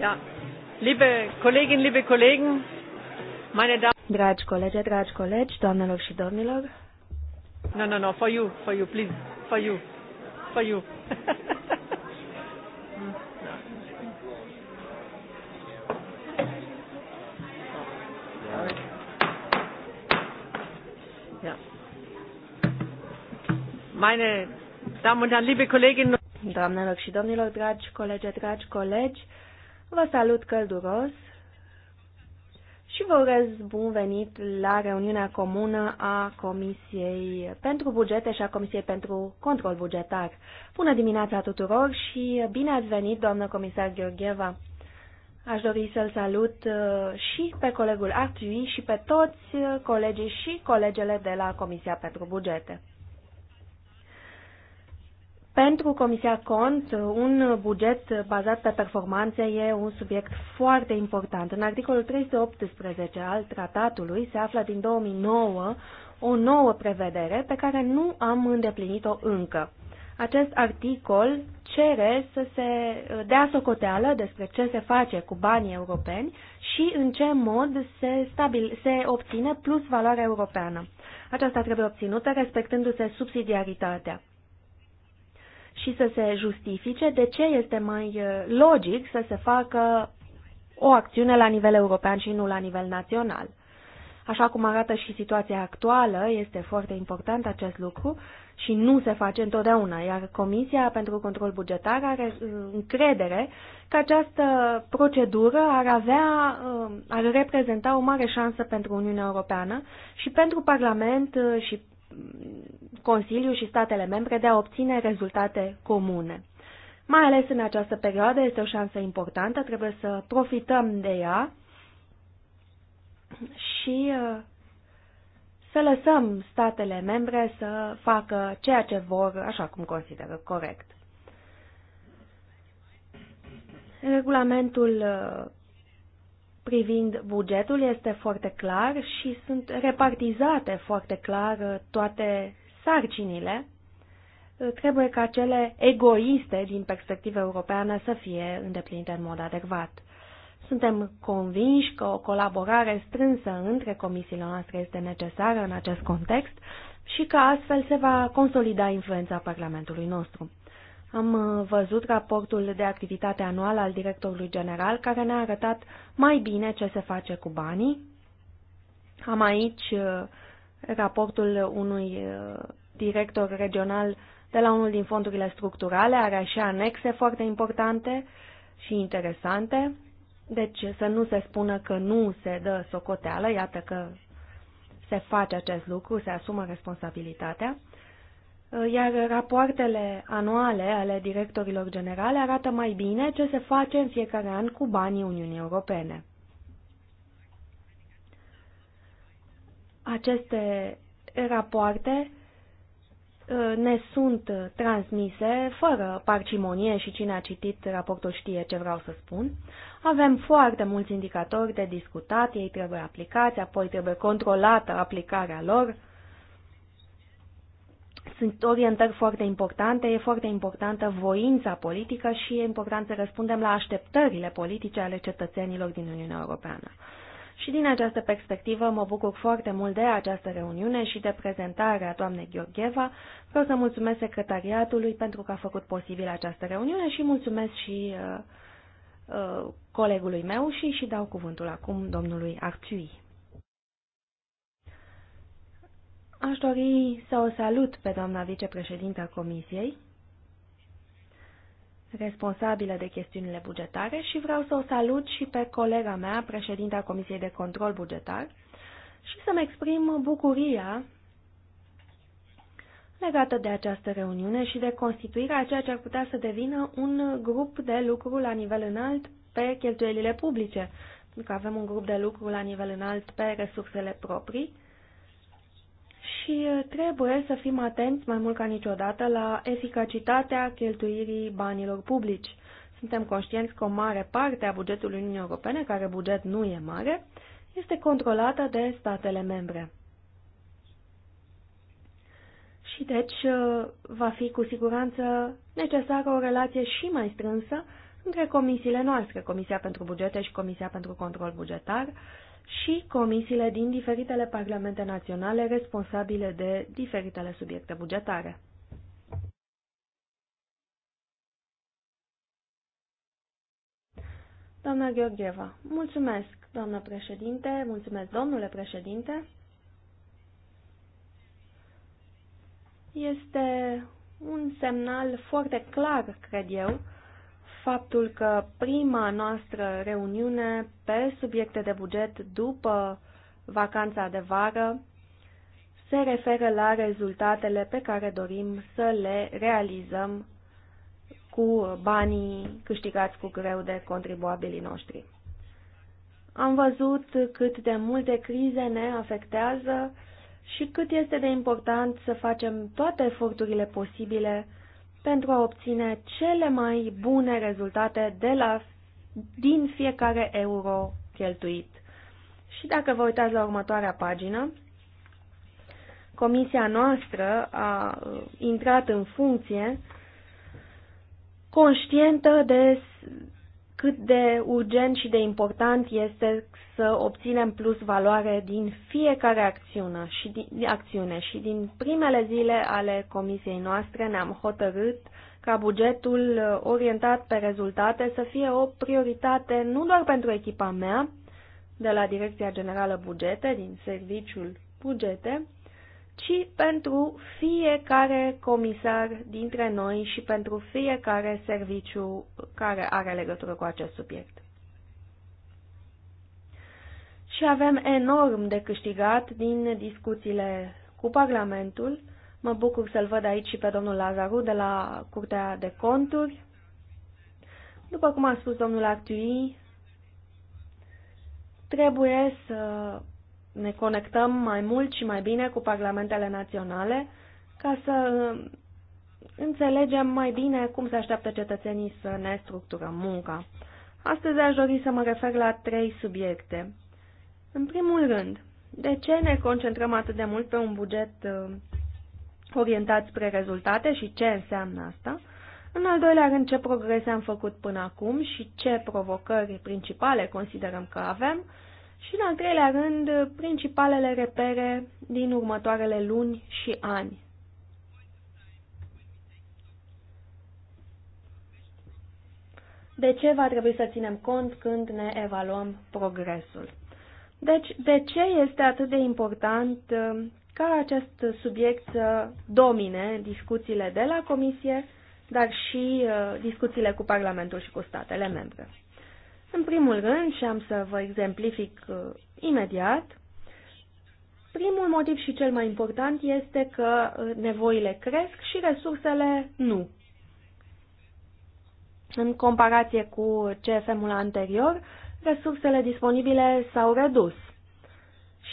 Ja. Liebe Kolleginnen, liebe Kollegen, meine Damen. Dragi colegi, dragi colegi, doamnelor și domnilor. No, no, no, for you, for you, please, for you, for you. Meine Damen und Herren, liebe Kolleginnen. Doamnelor și domnilor, dragi colegi, dragi colegi, Vă salut călduros și vă urez bun venit la reuniunea comună a Comisiei pentru Bugete și a Comisiei pentru Control Bugetar. Bună dimineața tuturor și bine ați venit, doamnă comisar Gheorgheva. Aș dori să-l salut uh, și pe colegul Artui și pe toți colegii și colegele de la Comisia pentru Bugete. Pentru Comisia Cont, un buget bazat pe performanțe e un subiect foarte important. În articolul 318 al tratatului se află din 2009 o nouă prevedere pe care nu am îndeplinit-o încă. Acest articol cere să se dea socoteală despre ce se face cu banii europeni și în ce mod se, stabil, se obține plus valoarea europeană. Aceasta trebuie obținută respectându-se subsidiaritatea și să se justifice de ce este mai uh, logic să se facă o acțiune la nivel european și nu la nivel național. Așa cum arată și situația actuală, este foarte important acest lucru și nu se face întotdeauna, iar Comisia pentru Control Bugetar are uh, încredere că această procedură ar, avea, uh, ar reprezenta o mare șansă pentru Uniunea Europeană și pentru Parlament și Consiliul și statele membre de a obține rezultate comune. Mai ales în această perioadă este o șansă importantă, trebuie să profităm de ea și uh, să lăsăm statele membre să facă ceea ce vor, așa cum consideră corect. Regulamentul uh, privind bugetul este foarte clar și sunt repartizate foarte clar uh, toate sarcinile. Uh, trebuie ca cele egoiste din perspectivă europeană să fie îndeplinite în mod adecvat. Suntem convinși că o colaborare strânsă între comisiile noastre este necesară în acest context și că astfel se va consolida influența Parlamentului nostru. Am uh, văzut raportul de activitate anual al directorului general care ne-a arătat mai bine ce se face cu banii. Am aici uh, raportul unui uh, director regional de la unul din fondurile structurale, are și anexe foarte importante și interesante, deci să nu se spună că nu se dă socoteală, iată că se face acest lucru, se asumă responsabilitatea. Eh, iar rapoartele anuale ale directorilor generale arată mai bine ce se face în fiecare an cu banii Uniunii Europene. Aceste rapoarte eh, ne sunt transmise fără parcimonie și cine a citit raportul știe ce vreau să spun. Avem foarte mulți indicatori de discutat, ei trebuie aplicați, apoi trebuie controlată aplicarea lor. Sunt orientări foarte importante, e foarte importantă voința politică și e important să răspundem la așteptările politice ale cetățenilor din Uniunea Europeană. Și din această perspectivă mă bucur foarte mult de această reuniune și de prezentarea doamnei Gheorgheva. Vreau să mulțumesc secretariatului pentru că a făcut posibil această reuniune și mulțumesc și uh, uh, colegului meu și și dau cuvântul acum domnului Arciui. Aș dori să o salut pe doamna a Comisiei, responsabilă de chestiunile bugetare și vreau să o salut și pe colega mea, președinta Comisiei de Control Bugetar, și să-mi exprim bucuria legată de această reuniune și de constituirea a ceea ce ar putea să devină un grup de lucru la nivel înalt pe cheltuielile publice, pentru că avem un grup de lucru la nivel înalt pe resursele proprii și uh, trebuie să fim atenți mai mult ca niciodată la eficacitatea cheltuirii banilor publici. Suntem conștienți că o mare parte a bugetului Uniunii Europene, care buget nu e mare, este controlată de statele membre. Și deci uh, va fi cu siguranță necesară o relație și mai strânsă între comisiile noastre, Comisia pentru Bugete și Comisia pentru Control Bugetar, și comisiile din diferitele parlamente naționale responsabile de diferitele subiecte bugetare. Doamna Gheorgheva, mulțumesc, doamna președinte, mulțumesc, domnule președinte. Este un semnal foarte clar, cred eu, faptul că prima noastră reuniune pe subiecte de buget după vacanța de vară se referă la rezultatele pe care dorim să le realizăm cu banii câștigați cu greu de contribuabilii noștri. Am văzut cât de multe crize ne afectează și cât este de important să facem toate eforturile posibile pentru a obține cele mai bune rezultate de la, din fiecare euro cheltuit. Și dacă vă uitați la următoarea pagină, comisia noastră a uh, intrat în funcție conștientă de cât de urgent și de important este să obținem plus valoare din fiecare acțiune și din, acțiune și din primele zile ale comisiei noastre ne-am hotărât ca bugetul orientat pe rezultate să fie o prioritate nu doar pentru echipa mea de la Direcția Generală Bugete din Serviciul Bugete, ci pentru fiecare comisar dintre noi și pentru fiecare serviciu care are legătură cu acest subiect. Și avem enorm de câștigat din discuțiile cu Parlamentul. Mă bucur să-l văd aici și pe domnul Lazaru de la Curtea de Conturi. După cum a spus domnul Artui, trebuie să ne conectăm mai mult și mai bine cu parlamentele naționale ca să uh, înțelegem mai bine cum se așteaptă cetățenii să ne structurăm munca. Astăzi aș dori să mă refer la trei subiecte. În primul rând, de ce ne concentrăm atât de mult pe un buget uh, orientat spre rezultate și ce înseamnă asta? În al doilea rând, ce progrese am făcut până acum și ce provocări principale considerăm că avem? și, în al treilea rând, principalele repere din următoarele luni și ani. De ce va trebui să ținem cont când ne evaluăm progresul? Deci, de ce este atât de important um, ca acest subiect să domine discuțiile de la Comisie, dar și uh, discuțiile cu Parlamentul și cu statele membre? În primul rând, și am să vă exemplific uh, imediat, primul motiv și cel mai important este că uh, nevoile cresc și resursele nu. În comparație cu CFM-ul anterior, resursele disponibile s-au redus.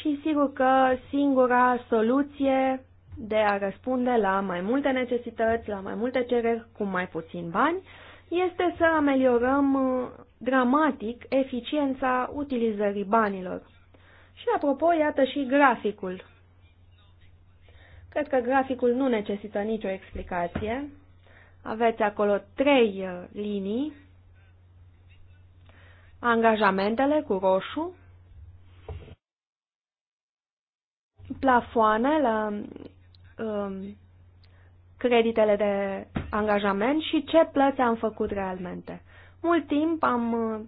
Și sigur că singura soluție de a răspunde la mai multe necesități, la mai multe cereri cu mai puțin bani, este să ameliorăm uh, dramatic eficiența utilizării banilor. Și apropo, iată și graficul. Cred că graficul nu necesită nicio explicație. Aveți acolo trei uh, linii. Angajamentele cu roșu, plafoane la um, creditele de angajament și ce plăți am făcut realmente. Mult timp am uh,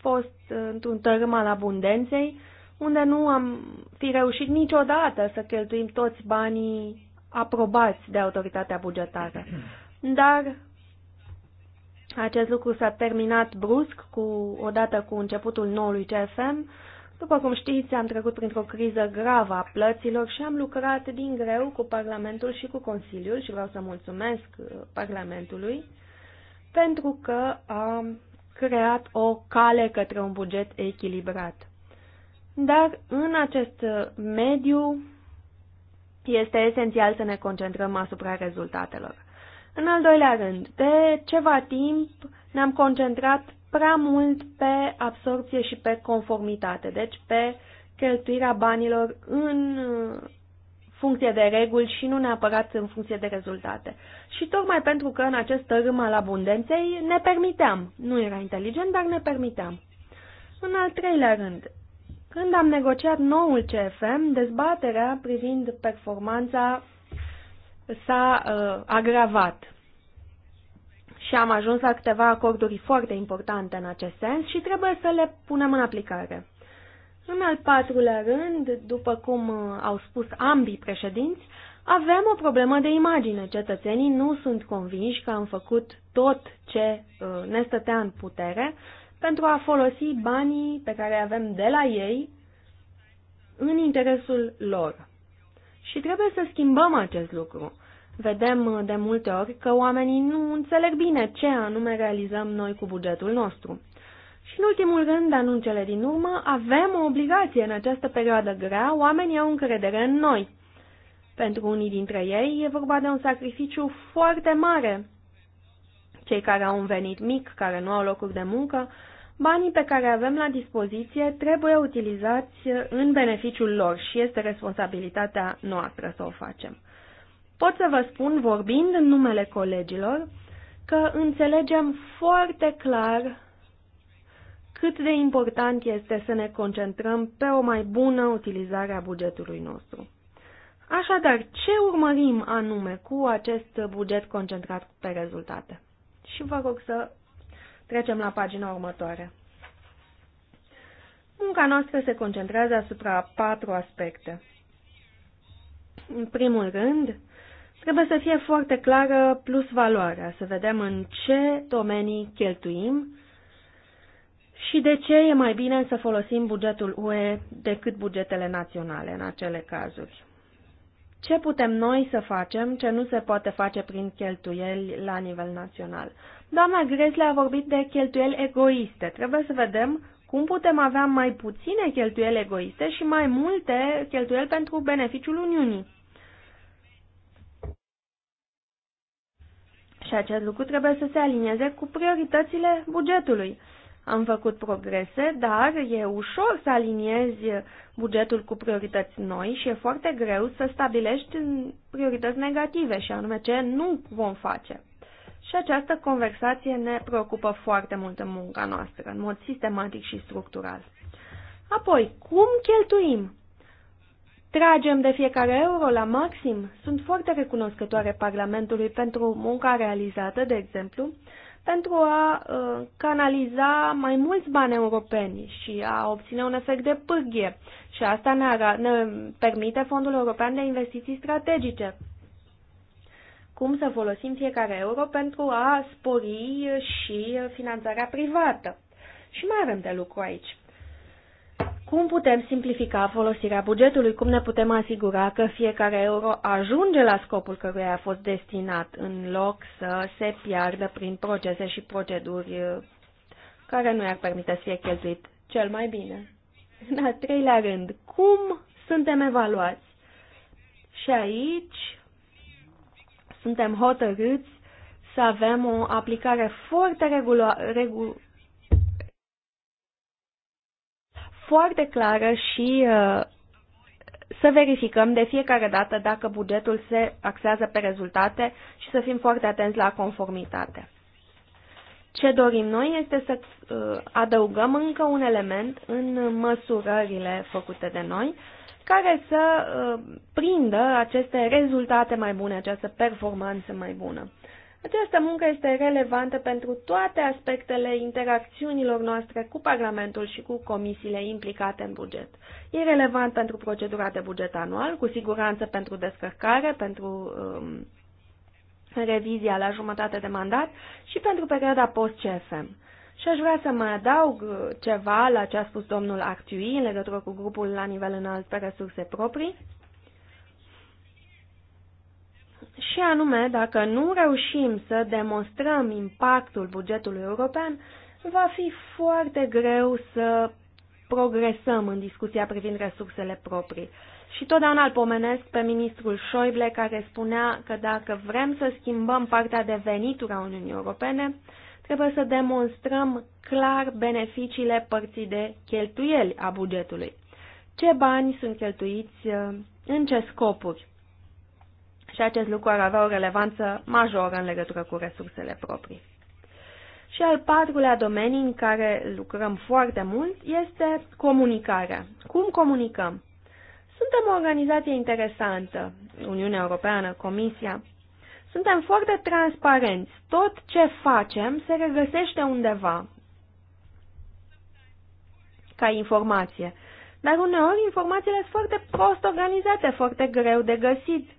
fost într-un tărâm al abundenței, unde nu am fi reușit niciodată să cheltuim toți banii aprobați de autoritatea bugetară. Dar acest lucru s-a terminat brusc cu, odată cu începutul noului CFM după cum știți, am trecut printr-o criză gravă a plăților și am lucrat din greu cu Parlamentul și cu Consiliul și vreau să mulțumesc uh, Parlamentului pentru că a creat o cale către un buget echilibrat. Dar în acest uh, mediu este esențial să ne concentrăm asupra rezultatelor. În al doilea rând, de ceva timp ne-am concentrat prea mult pe absorpție și pe conformitate, deci pe cheltuirea banilor în uh, funcție de reguli și nu neapărat în funcție de rezultate. Și tocmai pentru că în acest tărâm al abundenței ne permiteam, nu era inteligent, dar ne permiteam. În al treilea rând, când am negociat noul CFM, dezbaterea privind performanța s-a uh, agravat și am ajuns la câteva acorduri foarte importante în acest sens și trebuie să le punem în aplicare. În al patrulea rând, după cum uh, au spus ambii președinți, avem o problemă de imagine. Cetățenii nu sunt convinși că am făcut tot ce uh, ne stătea în putere pentru a folosi banii pe care avem de la ei în interesul lor. Și trebuie să schimbăm acest lucru vedem de multe ori că oamenii nu înțeleg bine ce anume realizăm noi cu bugetul nostru. Și în ultimul rând, dar nu în cele din urmă, avem o obligație în această perioadă grea, oamenii au încredere în noi. Pentru unii dintre ei e vorba de un sacrificiu foarte mare. Cei care au un venit mic, care nu au locuri de muncă, banii pe care avem la dispoziție trebuie utilizați în beneficiul lor și este responsabilitatea noastră să o facem. Pot să vă spun, vorbind în numele colegilor, că înțelegem foarte clar cât de important este să ne concentrăm pe o mai bună utilizare a bugetului nostru. Așadar, ce urmărim anume cu acest buget concentrat pe rezultate? Și vă rog să trecem la pagina următoare. Munca noastră se concentrează asupra patru aspecte. În primul rând, Trebuie să fie foarte clară plus valoarea, să vedem în ce domenii cheltuim și de ce e mai bine să folosim bugetul UE decât bugetele naționale în acele cazuri. Ce putem noi să facem ce nu se poate face prin cheltuieli la nivel național? Doamna Gresle a vorbit de cheltuieli egoiste. Trebuie să vedem cum putem avea mai puține cheltuieli egoiste și mai multe cheltuieli pentru beneficiul Uniunii. și acest lucru trebuie să se alinieze cu prioritățile bugetului. Am făcut progrese, dar e ușor să aliniezi bugetul cu priorități noi și e foarte greu să stabilești priorități negative și anume ce nu vom face. Și această conversație ne preocupă foarte mult în munca noastră, în mod sistematic și structural. Apoi, cum cheltuim? Tragem de fiecare euro la maxim. Sunt foarte recunoscătoare Parlamentului pentru munca realizată, de exemplu, pentru a uh, canaliza mai mulți bani europeni și a obține un efect de pârghie. Și asta ne, ara- ne permite Fondul European de Investiții Strategice. Cum să folosim fiecare euro pentru a spori și finanțarea privată. Și mai avem de lucru aici. Cum putem simplifica folosirea bugetului? Cum ne putem asigura că fiecare euro ajunge la scopul căruia a fost destinat, în loc să se piardă prin procese și proceduri uh, care nu i-ar permite să fie cheltuit cel mai bine? În al treilea rând, cum suntem evaluați? Și aici suntem hotărâți să avem o aplicare foarte regula, regu, foarte clară și uh, să verificăm de fiecare dată dacă bugetul se axează pe rezultate și să fim foarte atenți la conformitate. Ce dorim noi este să uh, adăugăm încă un element în măsurările făcute de noi, care să uh, prindă aceste rezultate mai bune, această performanță mai bună. Această muncă este relevantă pentru toate aspectele interacțiunilor noastre cu Parlamentul și cu comisiile implicate în buget. E relevant pentru procedura de buget anual, cu siguranță pentru descărcare, pentru um, revizia la jumătate de mandat și pentru perioada post-CFM. Și aș vrea să mai adaug uh, ceva la ce a spus domnul Actui în legătură cu grupul la nivel înalt pe resurse proprii. Și anume, dacă nu reușim să demonstrăm impactul bugetului european, va fi foarte greu să progresăm în discuția privind resursele proprii. Și totdeauna îl pomenesc pe ministrul Șoible care spunea că dacă vrem să schimbăm partea de venituri a Uniunii Europene, trebuie să demonstrăm clar beneficiile părții de cheltuieli a bugetului. Ce bani sunt cheltuiți, în ce scopuri? și acest lucru ar avea o relevanță majoră în legătură cu resursele proprii. Și al patrulea domeniu în care lucrăm foarte mult este comunicarea. Cum comunicăm? Suntem o organizație interesantă, Uniunea Europeană, Comisia. Suntem foarte transparenți. Tot ce facem se regăsește undeva ca informație. Dar uneori informațiile sunt foarte prost organizate, foarte greu de găsit.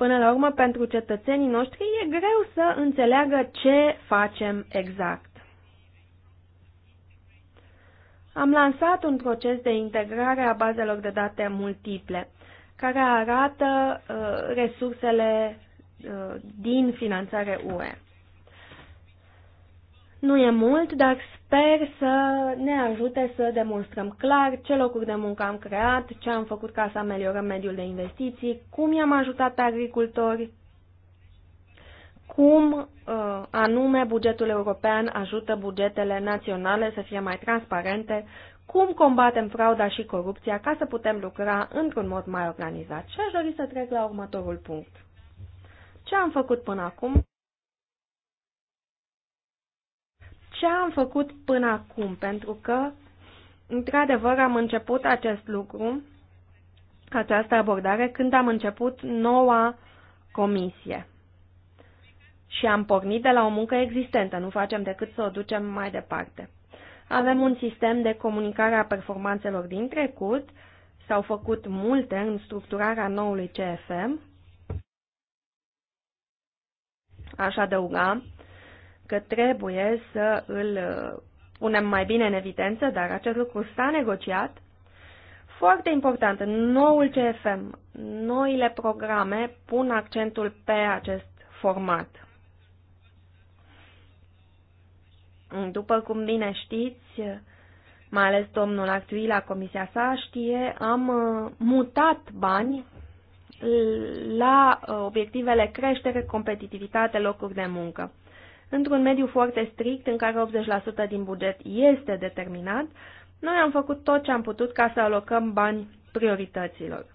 Până la urmă, pentru cetățenii noștri e greu să înțeleagă ce facem exact. Am lansat un proces de integrare a bazelor de date multiple, care arată uh, resursele uh, din finanțare UE. Nu e mult, dar sper să ne ajute să demonstrăm clar ce locuri de muncă am creat, ce am făcut ca să ameliorăm mediul de investiții, cum i-am ajutat pe agricultori, cum uh, anume bugetul european ajută bugetele naționale să fie mai transparente, cum combatem frauda și corupția ca să putem lucra într-un mod mai organizat. Și aș dori să trec la următorul punct. Ce am făcut până acum? ce am făcut până acum, pentru că, într-adevăr, am început acest lucru, această abordare, când am început noua comisie. Și am pornit de la o muncă existentă, nu facem decât să o ducem mai departe. Avem un sistem de comunicare a performanțelor din trecut, s-au făcut multe în structurarea noului CFM, aș adăuga că trebuie să îl uh, punem mai bine în evidență, dar acest lucru s-a negociat. Foarte important, noul CFM, noile programe pun accentul pe acest format. După cum bine știți, mai ales domnul Actui la comisia sa știe, am uh, mutat bani la uh, obiectivele creștere, competitivitate, locuri de muncă într-un mediu foarte strict în care 80% din buget este determinat, noi am făcut tot ce am putut ca să alocăm bani priorităților.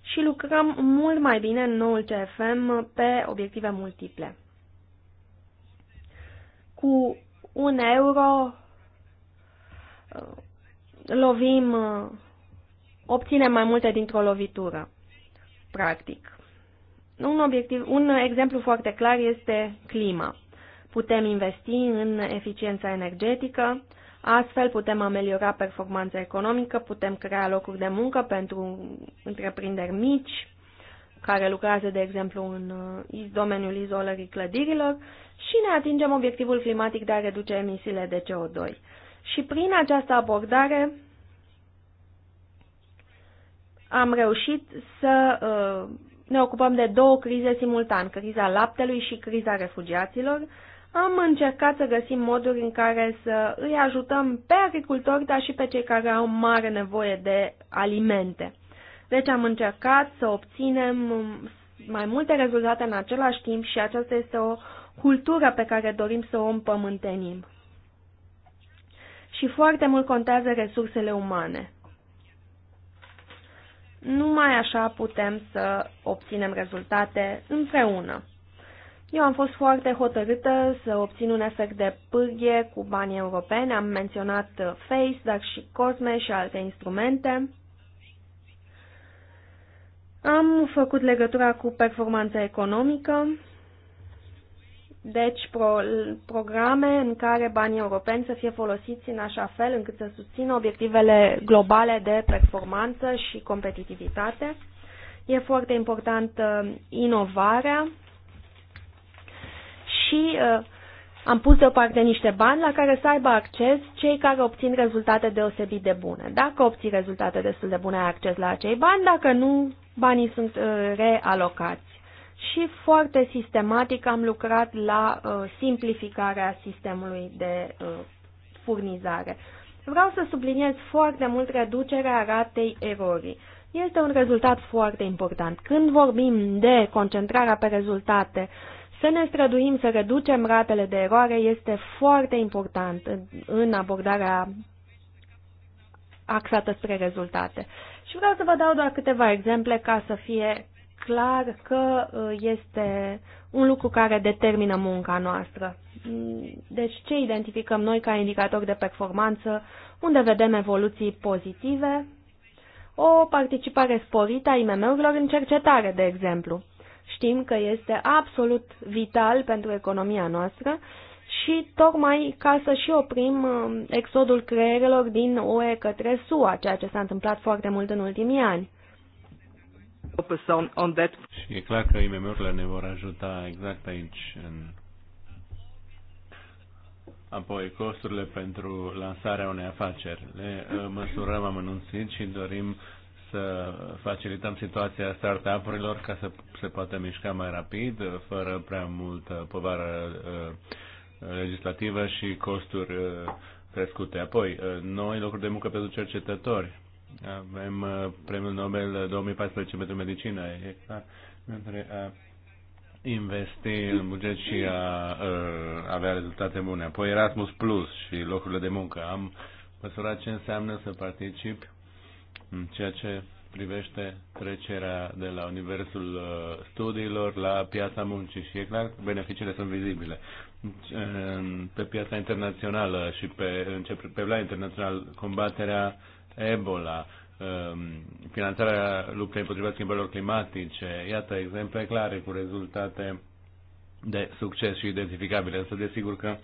Și lucrăm mult mai bine în noul CFM pe obiective multiple. Cu un euro uh, lovim, uh, obținem mai multe dintr-o lovitură, practic. Un, obiectiv, un exemplu foarte clar este clima putem investi în eficiența energetică, astfel putem ameliora performanța economică, putem crea locuri de muncă pentru întreprinderi mici care lucrează, de exemplu, în uh, domeniul izolării clădirilor și ne atingem obiectivul climatic de a reduce emisiile de CO2. Și prin această abordare am reușit să uh, ne ocupăm de două crize simultan, criza laptelui și criza refugiaților, am încercat să găsim moduri în care să îi ajutăm pe agricultori, dar și pe cei care au mare nevoie de alimente. Deci am încercat să obținem mai multe rezultate în același timp și aceasta este o cultură pe care dorim să o împământenim. Și foarte mult contează resursele umane. Numai așa putem să obținem rezultate împreună. Eu am fost foarte hotărâtă să obțin un efect de pârghie cu banii europeni. Am menționat FACE, dar și COSME și alte instrumente. Am făcut legătura cu performanța economică, deci pro, programe în care banii europeni să fie folosiți în așa fel încât să susțină obiectivele globale de performanță și competitivitate. E foarte important inovarea și uh, am pus deoparte niște bani la care să aibă acces cei care obțin rezultate deosebit de bune. Dacă obții rezultate destul de bune, ai acces la acei bani, dacă nu, banii sunt uh, realocați. Și foarte sistematic am lucrat la uh, simplificarea sistemului de uh, furnizare. Vreau să subliniez foarte mult reducerea ratei erorii. Este un rezultat foarte important. Când vorbim de concentrarea pe rezultate, uh, să ne străduim să reducem ratele de eroare este foarte important în abordarea axată spre rezultate. Și vreau să vă dau doar câteva exemple ca să fie clar că uh, este un lucru care determină munca noastră. Deci ce identificăm noi ca indicator de performanță, unde vedem evoluții pozitive, o participare sporită a IMM-urilor în cercetare, de exemplu știm că este absolut vital pentru economia noastră și tocmai ca să și oprim uh, exodul creierelor din UE către SUA, ceea ce s-a întâmplat foarte mult în ultimii ani. Și e clar că IMM-urile ne vor ajuta exact aici. În... Apoi, costurile pentru lansarea unei afaceri. Le uh, măsurăm amănunțit și dorim să facilităm situația startup-urilor ca să se poată mișca mai rapid, fără prea multă povară uh, legislativă și costuri uh, crescute. Apoi, uh, noi locuri de muncă pentru cercetători. Avem premiul Nobel 2014 pentru medicină. E clar, între a investi în buget și a, a avea rezultate bune. Apoi Erasmus Plus și locurile de muncă. Am măsurat ce înseamnă să particip în ceea ce privește trecerea de la universul uh, studiilor la piața muncii și e clar beneficiile sunt vizibile. Pe piața internațională și pe, pe plan internațional combaterea Ebola, um, finanțarea luptei împotriva schimbărilor climatice, iată exemple clare cu rezultate de succes și identificabile, însă desigur că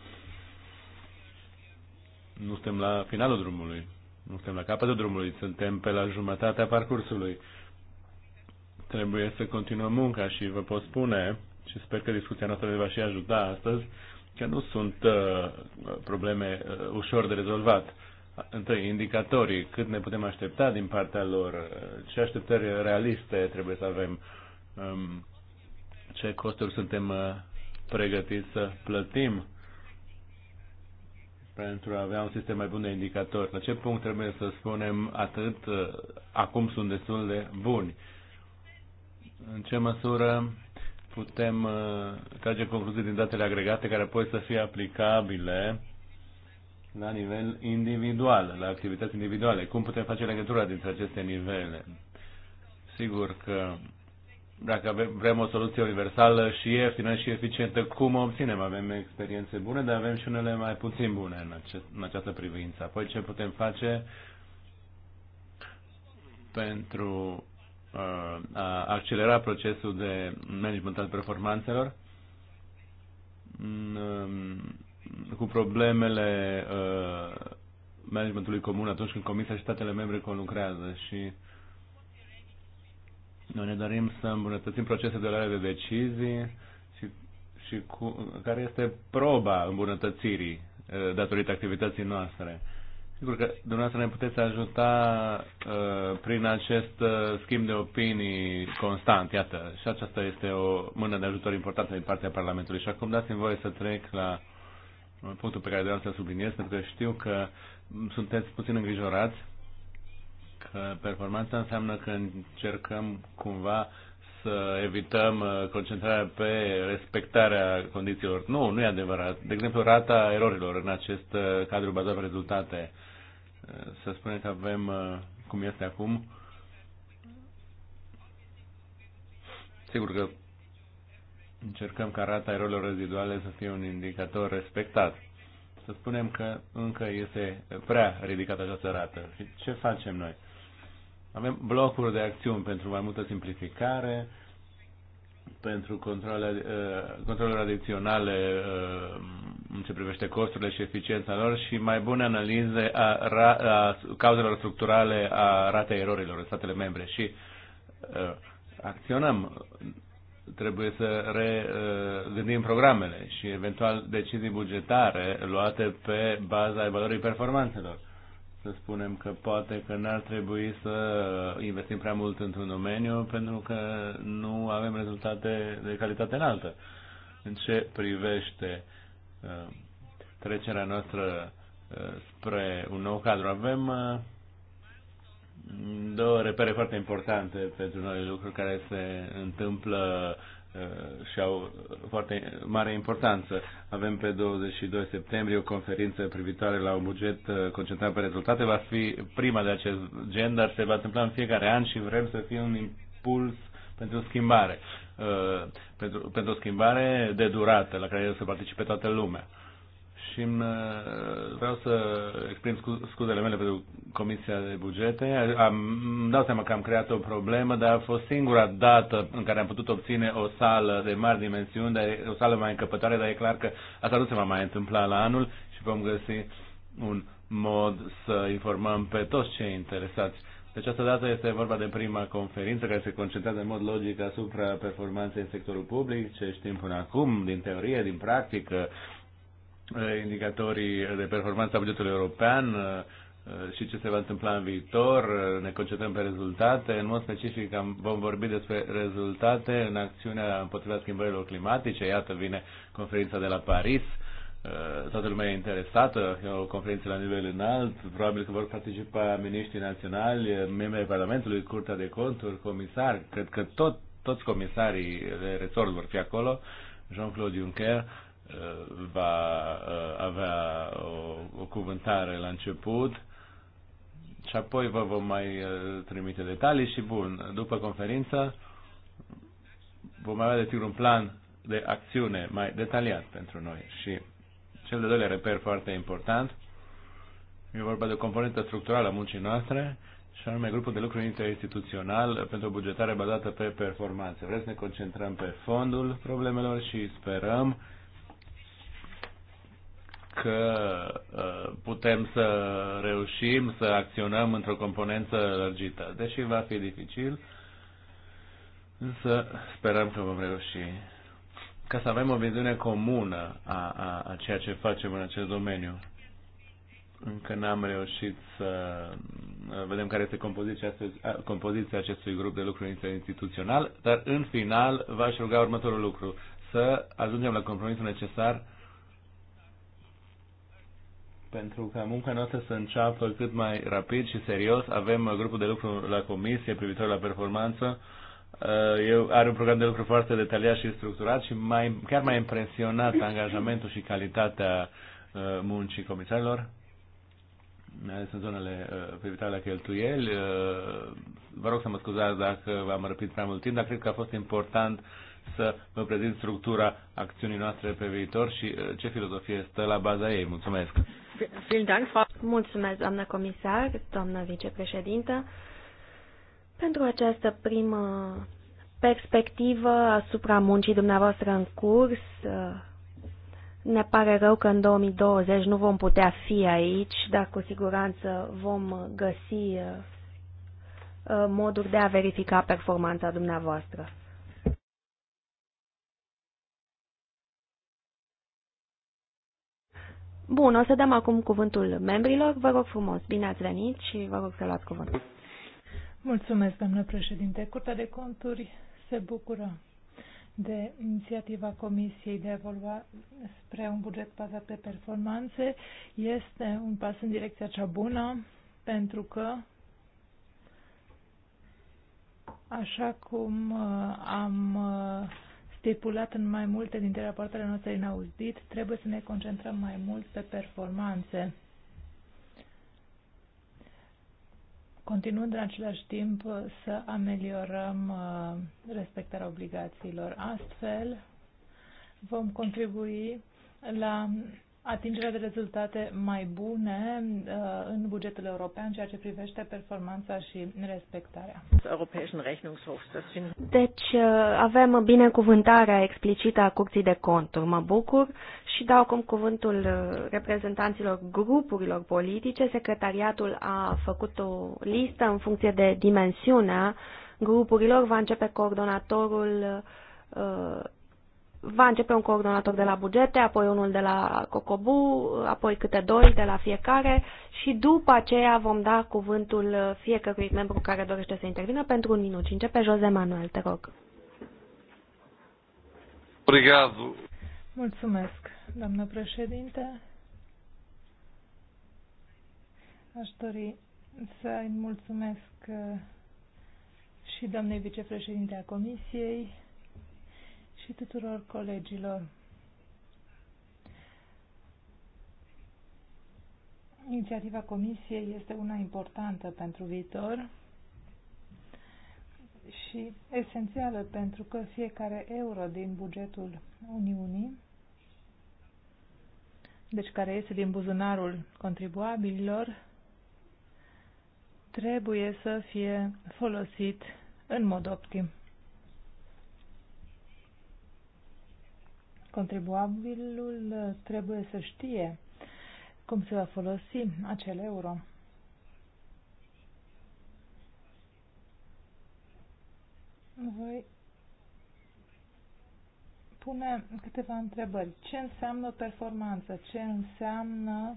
nu suntem la finalul drumului nu suntem la capătul drumului, suntem pe la jumătatea parcursului. Trebuie să continuăm munca și vă pot spune, și sper că discuția noastră va și ajuta astăzi, că nu sunt uh, probleme uh, ușor de rezolvat. Întâi, indicatorii, cât ne putem aștepta din partea lor, uh, ce așteptări realiste trebuie să avem, um, ce costuri suntem uh, pregătiți să plătim pentru a avea un sistem mai bun de indicatori. La ce punct trebuie să spunem atât, uh, acum sunt destul de buni? În ce măsură putem uh, trage concluzii din datele agregate care pot să fie aplicabile la nivel individual, la activități individuale? Cum putem face legătura dintre aceste nivele? Sigur că dacă avem, vrem o soluție universală și ieftină și eficientă, cum o obținem? Avem experiențe bune, dar avem și unele mai puțin bune în, acest, în această privință. Apoi ce putem face pentru uh, a accelera procesul de management al performanțelor? Mm, um, cu problemele uh, managementului comun atunci când Comisia și statele membre conlucrează și uh, noi ne dorim să îmbunătățim procesul de luare de decizii și, și cu, care este proba îmbunătățirii eh, datorită activității noastre. Sigur că dumneavoastră ne puteți ajuta uh, prin acest uh, schimb de opinii constant, iată, și aceasta este o mână de ajutor importantă din partea Parlamentului. Și acum dați-mi voie să trec la punctul pe care vreau să subliniez, pentru că știu că sunteți puțin îngrijorați performanța înseamnă că încercăm cumva să evităm uh, concentrarea pe respectarea condițiilor. Nu, nu e adevărat. De exemplu, rata erorilor în acest uh, cadru bazat pe rezultate. Uh, să spunem că avem, cum este acum, sigur că încercăm ca rata erorilor reziduale să fie un indicator respectat. Să spunem că încă este prea ridicată această rată. Ce facem noi? Avem blocuri de acțiuni pentru mai multă simplificare, pentru controle, uh, controluri adiționale uh, în ce privește costurile și eficiența lor și mai bune analize a, ra, a cauzelor structurale a ratei erorilor în statele membre și uh, acționăm. Trebuie să regândim uh, programele și eventual decizii bugetare luate pe baza evaluării performanțelor să spunem că poate că n-ar trebui să investim prea mult într-un domeniu pentru că nu avem rezultate de calitate înaltă. În ce privește uh, trecerea noastră uh, spre un nou cadru, avem uh, două repere foarte importante pentru noi lucruri care se întâmplă Uh, și au foarte mare importanță. Avem pe 22 septembrie o conferință privitoare la un buget uh, concentrat pe rezultate. Va fi prima de acest gen, dar se va întâmpla în fiecare an și vrem să fie un impuls pentru schimbare. Uh, pentru, pentru schimbare de durată, la care să participe toată lumea și vreau să exprim scuzele mele pentru Comisia de Bugete. Am, dat seama că am creat o problemă, dar a fost singura dată în care am putut obține o sală de mari dimensiuni, dar o sală mai încăpătoare, dar e clar că asta nu se va mai întâmpla la anul și vom găsi un mod să informăm pe toți cei interesați. Deci această dată este vorba de prima conferință care se concentrează în mod logic asupra performanței în sectorul public, ce știm până acum, din teorie, din practică, indicatorii de performanță a bugetului european uh, uh, și ce se va întâmpla în viitor. Uh, ne concentrăm pe rezultate. În mod specific vom vorbi despre rezultate în acțiunea împotriva schimbărilor climatice. Iată vine conferința de la Paris. Toată lumea e interesată, e o conferință la nivel înalt, probabil că vor participa miniștrii naționali, membrii Parlamentului, Curtea de Conturi, comisari, cred că tot, toți comisarii de resort vor fi acolo, Jean-Claude Juncker, uh, Uh, va uh, avea o, o cuvântare la început și apoi vă vom mai uh, trimite detalii și bun, după conferință vom avea de sigur un plan de acțiune mai detaliat pentru noi și cel de doilea reper foarte important e vorba de o componentă structurală a muncii noastre și anume grupul de lucru interinstituțional pentru o bugetare bazată pe performanțe. Vrem să ne concentrăm pe fondul problemelor și sperăm că ă, putem să reușim să acționăm într-o componență lărgită, deși va fi dificil, însă sperăm că vom reuși ca să avem o viziune comună a, a, a ceea ce facem în acest domeniu. Încă n-am reușit să ă, vedem care este compoziția, compoziția acestui grup de lucru instituțional, dar în final v-aș ruga următorul lucru, să ajungem la compromisul necesar uh, pentru ca munca noastră să înceapă cât mai rapid și serios. Avem uh, grupul de lucru la comisie privitor la performanță. Uh, eu are un program de lucru foarte detaliat și structurat și mai, chiar mai impresionat angajamentul și calitatea uh, muncii comisarilor mai ales în zonele privitoare la cheltuieli. Vă rog să mă scuzați dacă v-am răpit prea mult timp, dar cred că a fost important să vă prezint structura acțiunii noastre pe viitor și ce filozofie stă la baza ei. Mulțumesc! Mulțumesc, doamnă comisar, doamnă vicepreședintă, pentru această primă perspectivă asupra muncii dumneavoastră în curs. Ne pare rău că în 2020 nu vom putea fi aici, dar cu siguranță vom găsi uh, moduri de a verifica performanța dumneavoastră. Bun, o să dăm acum cuvântul membrilor. Vă rog frumos, bine ați venit și vă rog să luați cuvântul. Mulțumesc, doamnă președinte. Curtea de conturi se bucură de inițiativa Comisiei de a evolua spre un buget bazat pe performanțe. Este un pas în direcția cea bună, pentru că, așa cum uh, am uh, stipulat în mai multe dintre rapoartele noastre în audit, trebuie să ne concentrăm mai mult pe performanțe. Continuând în același timp să ameliorăm uh, respectarea obligațiilor. Astfel vom contribui la atingerea de rezultate mai bune uh, în bugetul european, ceea ce privește performanța și respectarea. Deci uh, avem binecuvântarea explicită a Curții de Conturi. Mă bucur și dau acum cuvântul uh, reprezentanților grupurilor politice. Secretariatul a făcut o listă în funcție de dimensiunea grupurilor. Va începe coordonatorul va începe un coordonator de la bugete, apoi unul de la COCOBU, apoi câte doi de la fiecare și după aceea vom da cuvântul fiecărui membru care dorește să intervină pentru un minut. începe Jose Manuel, te rog. Obrigado. Mulțumesc, doamnă președinte. Aș dori să mulțumesc uh, și doamnei vicepreședinte a Comisiei, și tuturor colegilor. Inițiativa Comisiei este una importantă pentru viitor și esențială pentru că fiecare euro din bugetul Uniunii, deci care este din buzunarul contribuabililor, trebuie să fie folosit în mod optim. Contribuabilul uh, trebuie să știe cum se va folosi acel euro. Voi pune câteva întrebări. Ce înseamnă performanță? Ce înseamnă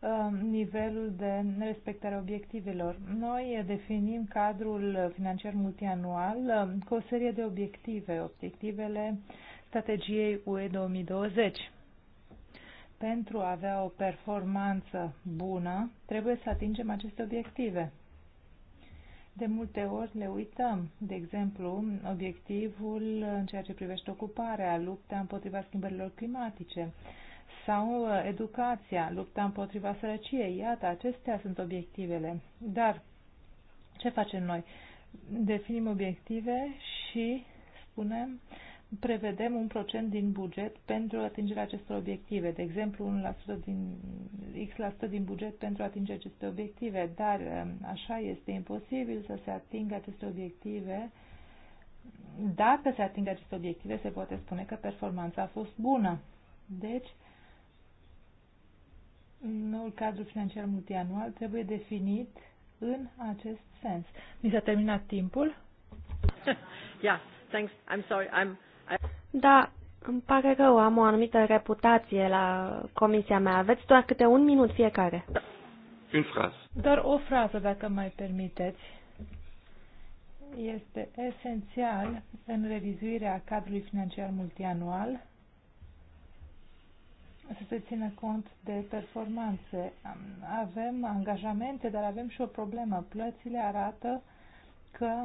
uh, nivelul de respectare obiectivelor. Noi definim cadrul financiar multianual uh, cu o serie de obiective. Obiectivele uh, strategiei UE 2020. Pentru a avea o performanță bună, trebuie să atingem aceste obiective. De multe ori le uităm, de exemplu, obiectivul în ceea ce privește ocuparea, lupta împotriva schimbărilor climatice sau uh, educația, lupta împotriva sărăciei. Iată, acestea sunt obiectivele. Dar ce facem noi? Definim obiective și spunem prevedem un procent din buget pentru atingerea acestor obiective. De exemplu, 1% din, X% din buget pentru a atinge aceste obiective, dar um, așa este imposibil să se atingă aceste obiective. Dacă se atingă aceste obiective, se poate spune că performanța a fost bună. Deci, noul cadru financiar multianual trebuie definit în acest sens. Mi s-a terminat timpul. yeah, thanks. I'm sorry. I'm da, îmi pare rău, am o anumită reputație la comisia mea. Aveți doar câte un minut fiecare. Da. Un fraz. Doar o frază, dacă mai permiteți. Este esențial în revizuirea cadrului financiar multianual să se țină cont de performanțe. Avem angajamente, dar avem și o problemă. Plățile arată că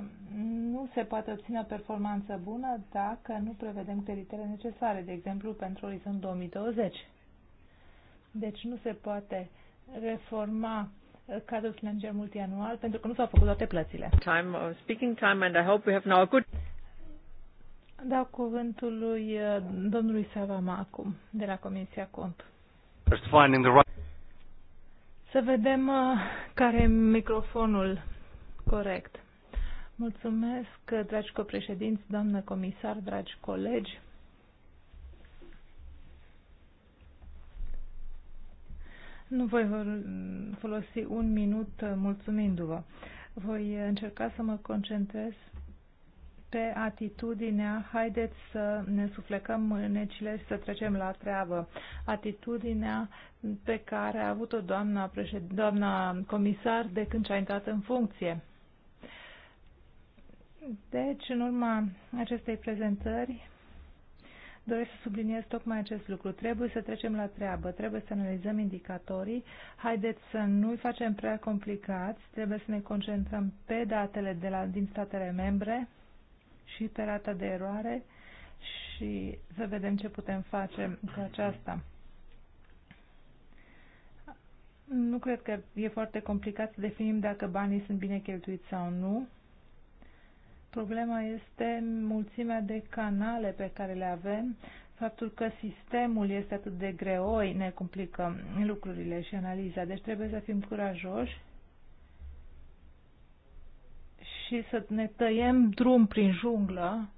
nu se poate obține o performanță bună dacă nu prevedem criteriile necesare, de exemplu pentru orizont 2020. Deci nu se poate reforma uh, cadrul financiar multianual pentru că nu s-au făcut toate plățile. Time, uh, speaking time and I hope we have now a good... Dau cuvântul lui uh, domnului Savama acum, de la Comisia Cont. Să vedem uh, care e microfonul corect. Mulțumesc, dragi copreședinți, doamnă comisar, dragi colegi. Nu voi folosi un minut mulțumindu-vă. Voi încerca să mă concentrez pe atitudinea, haideți să ne suflecăm mânecile și să trecem la treabă. Atitudinea pe care a avut-o doamna, președ... doamna comisar de când și-a intrat în funcție. Deci, în urma acestei prezentări, doresc să subliniez tocmai acest lucru. Trebuie să trecem la treabă, trebuie să analizăm indicatorii, haideți să nu-i facem prea complicați, trebuie să ne concentrăm pe datele de la, din statele membre și pe rata de eroare și să vedem ce putem face cu aceasta. Nu cred că e foarte complicat să definim dacă banii sunt bine cheltuiți sau nu. Problema este mulțimea de canale pe care le avem, faptul că sistemul este atât de greoi, ne complică lucrurile și analiza. Deci trebuie să fim curajoși și să ne tăiem drum prin junglă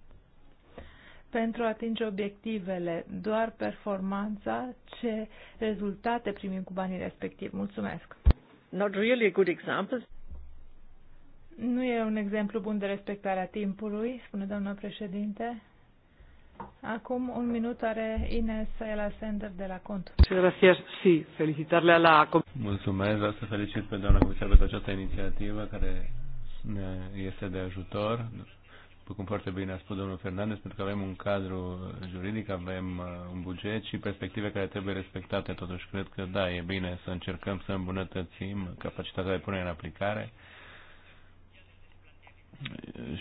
pentru a atinge obiectivele, doar performanța, ce rezultate primim cu banii respectivi. Mulțumesc! Not really a good example. Nu e un exemplu bun de respectarea timpului, spune doamna președinte. Acum un minut are Ines la Sender de la Cont. sí, felicitarle a la... Mulțumesc, vreau să felicit pe doamna comisar pentru această inițiativă care ne este de ajutor. După cum foarte bine a spus domnul Fernandez, pentru că avem un cadru juridic, avem uh, un buget și perspective care trebuie respectate. Totuși, cred că da, e bine să încercăm să îmbunătățim capacitatea de punere în aplicare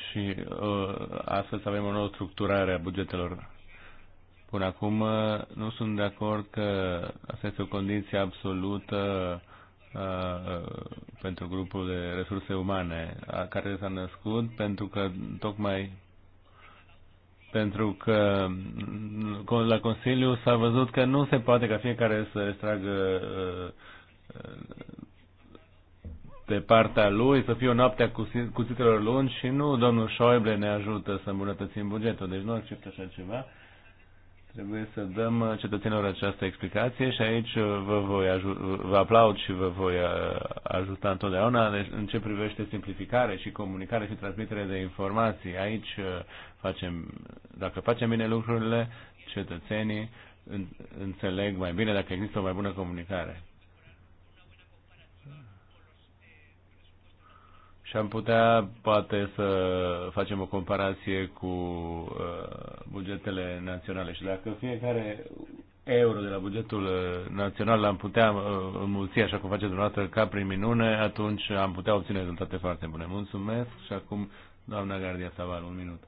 și uh, astfel să avem o nouă structurare a bugetelor. Până acum uh, nu sunt de acord că asta este o condiție absolută uh, pentru grupul de resurse umane, care s-a născut pentru că tocmai pentru că mm, la Consiliu s-a văzut că nu se poate ca fiecare să extragă uh, de partea lui, să fie o noapte a cuțitelor lungi și nu domnul Schäuble ne ajută să îmbunătățim bugetul. Deci nu accept așa ceva. Trebuie să dăm cetățenilor această explicație și aici vă, voi vă aplaud și vă voi uh, ajuta întotdeauna deci, în ce privește simplificare și comunicare și transmitere de informații. Aici uh, facem, dacă facem bine lucrurile, cetățenii înțeleg mai bine dacă există o mai bună comunicare. și am putea poate să facem o comparație cu uh, bugetele naționale și dacă fiecare euro de la bugetul uh, național l-am putea uh, înmulți așa cum face dumneavoastră ca prin minune, atunci am putea obține rezultate foarte bune. Mulțumesc și acum doamna Gardia Saval, un minut.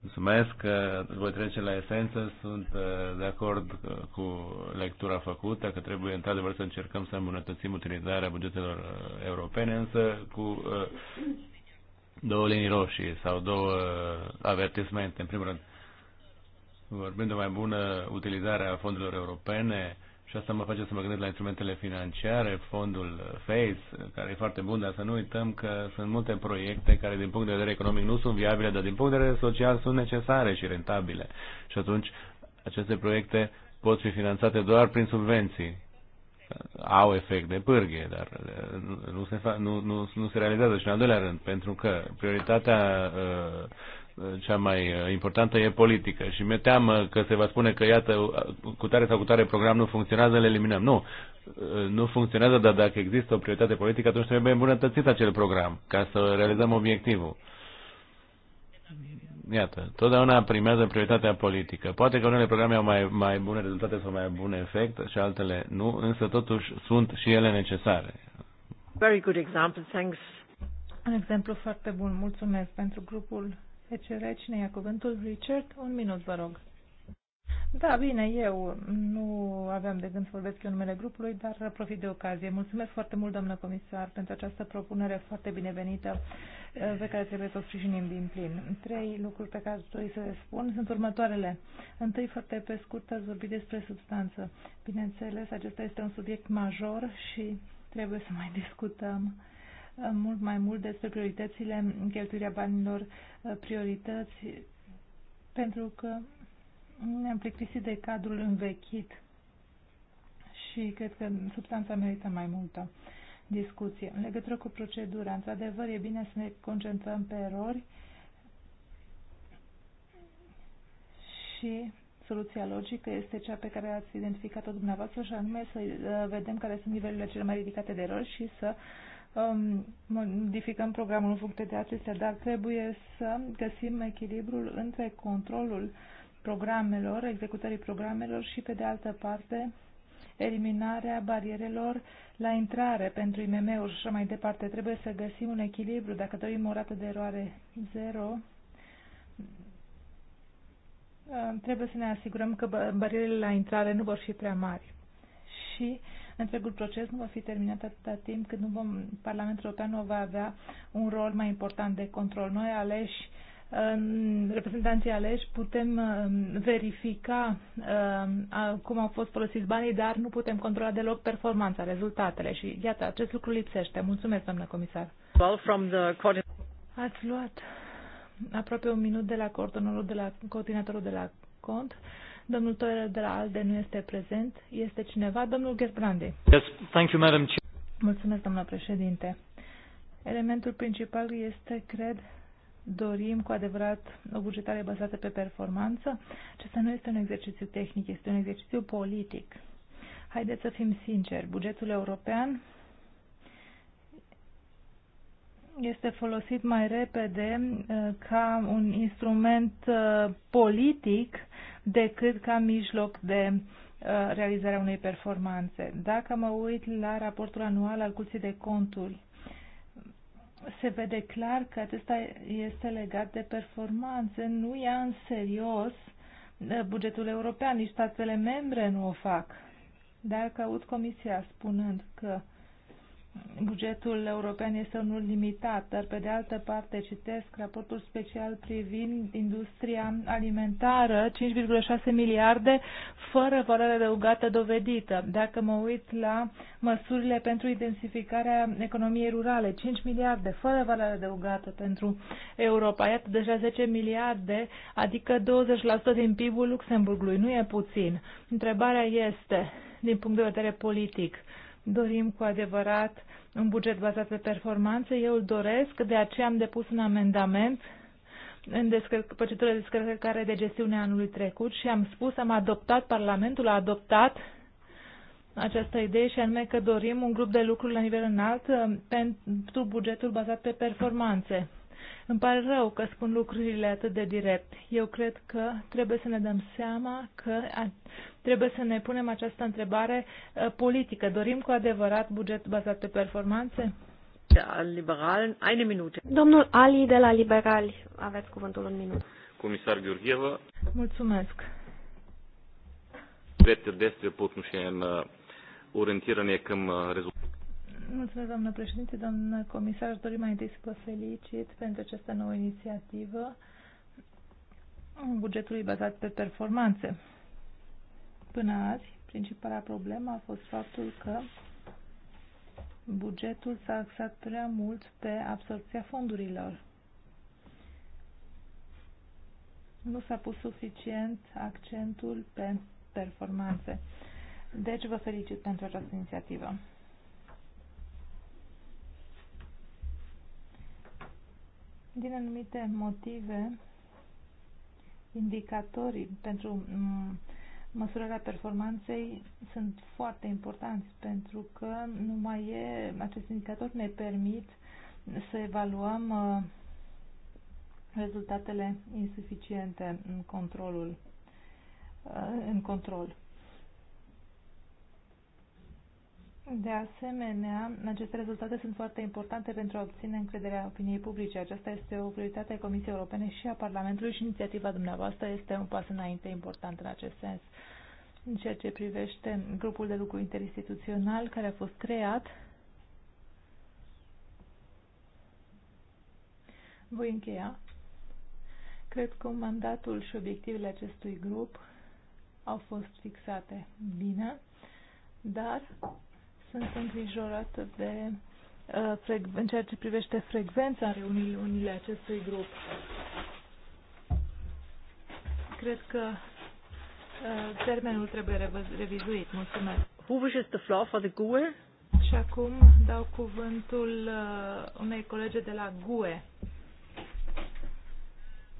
Mulțumesc că voi trece la esență. Sunt uh, de acord uh, cu lectura făcută, că trebuie într-adevăr să încercăm să îmbunătățim utilizarea bugetelor uh, europene, însă cu două linii roșii sau două avertismente. În primul rând, vorbind de mai bună utilizare a fondurilor europene, și asta mă face să mă gândesc la instrumentele financiare, fondul FACE, care e foarte bun, dar să nu uităm că sunt multe proiecte care din punct de vedere economic nu sunt viabile, dar din punct de vedere social sunt necesare și rentabile. Și atunci aceste proiecte pot fi finanțate doar prin subvenții. Au efect de pârghie, dar uh, nu se, fa- nu, nu, nu se realizează. Și în al doilea rând, pentru că prioritatea uh, cea mai uh, importantă e politică și mi-e teamă că se va spune că iată, cu tare sau cu tare program nu funcționează, le eliminăm. Nu, uh, nu funcționează, dar dacă există o prioritate politică, atunci trebuie îmbunătățit acel program ca să realizăm obiectivul. Iată, totdeauna primează prioritatea politică. Poate că unele programe au mai, mai bune rezultate sau mai bune efect și altele nu, însă totuși sunt și ele necesare. Very good example, thanks. Un exemplu foarte bun, mulțumesc pentru grupul ECR, deci, cine ia cuvântul? Richard, un minut, vă rog. Da, bine, eu nu aveam de gând să vorbesc eu numele grupului, dar profit de ocazie. Mulțumesc foarte mult, doamnă comisar, pentru această propunere foarte binevenită eh, pe care trebuie să o sprijinim din plin. Trei lucruri pe care trebuie să le spun sunt următoarele. Întâi, foarte pe scurt, ați vorbit despre substanță. Bineînțeles, acesta este un subiect major și trebuie să mai discutăm uh, Uh, mult mai mult despre prioritățile în cheltuirea banilor, uh, priorități, pentru că ne-am plictisit de cadrul învechit și cred că substanța merită mai multă discuție. În legătură cu procedura, într-adevăr, e bine să ne concentrăm pe erori și soluția logică este cea pe care ați identificat-o dumneavoastră și anume să uh, vedem care sunt nivelurile cele mai ridicate de erori și să uh, modificăm programul în funcție de acestea, dar trebuie să găsim echilibrul între controlul programelor, executării programelor și, pe de altă parte, eliminarea barierelor la intrare pentru IMM-uri și așa mai departe. Trebuie să găsim un echilibru. Dacă dorim o rată de eroare zero, trebuie să ne asigurăm că barierele la intrare nu vor fi prea mari. Și uh, întregul proces nu va fi terminat atâta timp cât nu vom, Parlamentul European nu va avea un rol mai important de control. Noi aleși reprezentanții aleși putem um, verifica um, cum au fost folosiți banii, dar nu putem controla deloc performanța, rezultatele și iată, acest lucru lipsește. Mulțumesc, doamnă comisar. Well, from the... Ați luat aproape un minut de la coordonatorul de la, coordinatorul de la cont. Domnul Toiră de la ALDE nu este prezent. Este cineva? Domnul Gerbrandi. Yes, thank you, madam. Mulțumesc, domnule președinte. Elementul principal este, cred, dorim cu adevărat o bugetare bazată pe performanță. Acesta nu este un exercițiu tehnic, este un exercițiu politic. Haideți să fim sinceri, bugetul european este folosit mai repede uh, ca un instrument uh, politic decât ca mijloc de uh, realizarea unei performanțe. Dacă mă uit la raportul anual al Curții de Conturi, se vede clar că acesta este legat de performanțe, nu ia în serios uh, bugetul european, nici statele membre nu o fac. Dar că aud Comisia spunând că uh, bugetul european este unul limitat, dar pe de altă parte citesc raportul special privind industria alimentară, 5,6 miliarde fără valoare adăugată dovedită. Dacă mă uit la măsurile pentru intensificarea economiei rurale, 5 miliarde fără valoare adăugată pentru Europa, iată deja 10 miliarde, adică 20% din PIB-ul Luxemburgului. Nu e puțin. Întrebarea este, din punct de vedere politic, dorim cu adevărat un buget bazat pe performanțe. Eu îl doresc, de aceea am depus un amendament în descărc, procedură de descărcare de gestiune anului trecut și am spus, am adoptat, Parlamentul a adoptat această idee și anume că dorim un grup de lucruri la nivel înalt uh, pentru bugetul bazat pe performanțe. Îmi pare rău că spun lucrurile atât de direct. Eu cred că trebuie să ne dăm seama că trebuie să ne punem această întrebare ă, politică. Dorim cu adevărat buget bazat pe performanțe? Domnul Ali de la Liberali, aveți cuvântul un minut. Comisar Gheorghevă. Mulțumesc. Предприятия действия по отношение на ориентиране към rezultat. Mulțumesc, doamnă președinte, doamnă comisar. Aș dori mai întâi să vă felicit pentru această nouă inițiativă bugetului bazat pe performanțe. Până azi, principala problemă a fost faptul că bugetul s-a axat prea mult pe absorpția fondurilor. Nu s-a pus suficient accentul pe performanțe. Deci vă felicit pentru această inițiativă. Din anumite motive, indicatorii pentru mm, măsurarea performanței sunt foarte importanți pentru că numai e, acest indicator ne permit să evaluăm uh, rezultatele insuficiente în controlul uh, în control. De asemenea, aceste rezultate sunt foarte importante pentru a obține încrederea opiniei publice. Aceasta este o prioritate a Comisiei Europene și a Parlamentului și inițiativa dumneavoastră este un pas înainte important în acest sens. În ceea ce privește grupul de lucru interinstituțional care a fost creat, voi încheia. Cred că mandatul și obiectivele acestui grup au fost fixate bine, dar sunt îngrijorată de uh, în ceea ce privește frecvența reuniunile acestui grup. Cred că uh, termenul trebuie revizuit. Mulțumesc. Who wishes the floor for the GUE? Și acum dau cuvântul uh, unei colege de la GUE.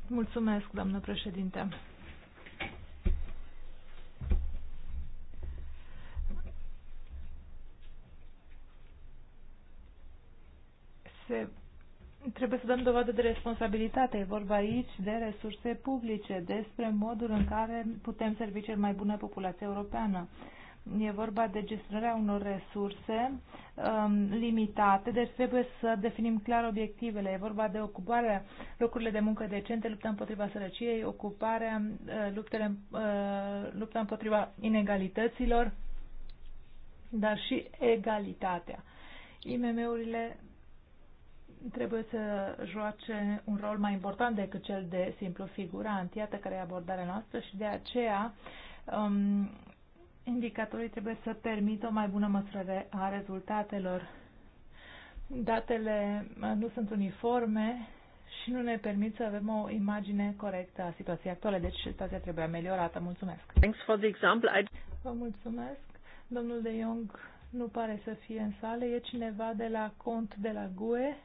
Mulțumesc, doamnă președinte. se, trebuie să dăm dovadă de responsabilitate. E vorba aici de resurse publice, despre modul în care putem servi cel mai bună populație europeană. E vorba de gestionarea unor resurse um, limitate, deci trebuie să definim clar obiectivele. E vorba de ocuparea locurile de muncă decente, lupta împotriva sărăciei, ocuparea, uh, luptele, uh, lupta împotriva inegalităților, dar și egalitatea. IMM-urile trebuie să joace un rol mai important decât cel de simplu figurant. Iată care e abordarea noastră și de aceea um, indicatorii trebuie să permită o mai bună măsurare a rezultatelor. Datele uh, nu sunt uniforme și nu ne permit să avem o imagine corectă a situației actuale, deci situația trebuie ameliorată. Mulțumesc. Thanks for the example. I... Vă mulțumesc. Domnul de Jong nu pare să fie în sală. E cineva de la cont de la GUE?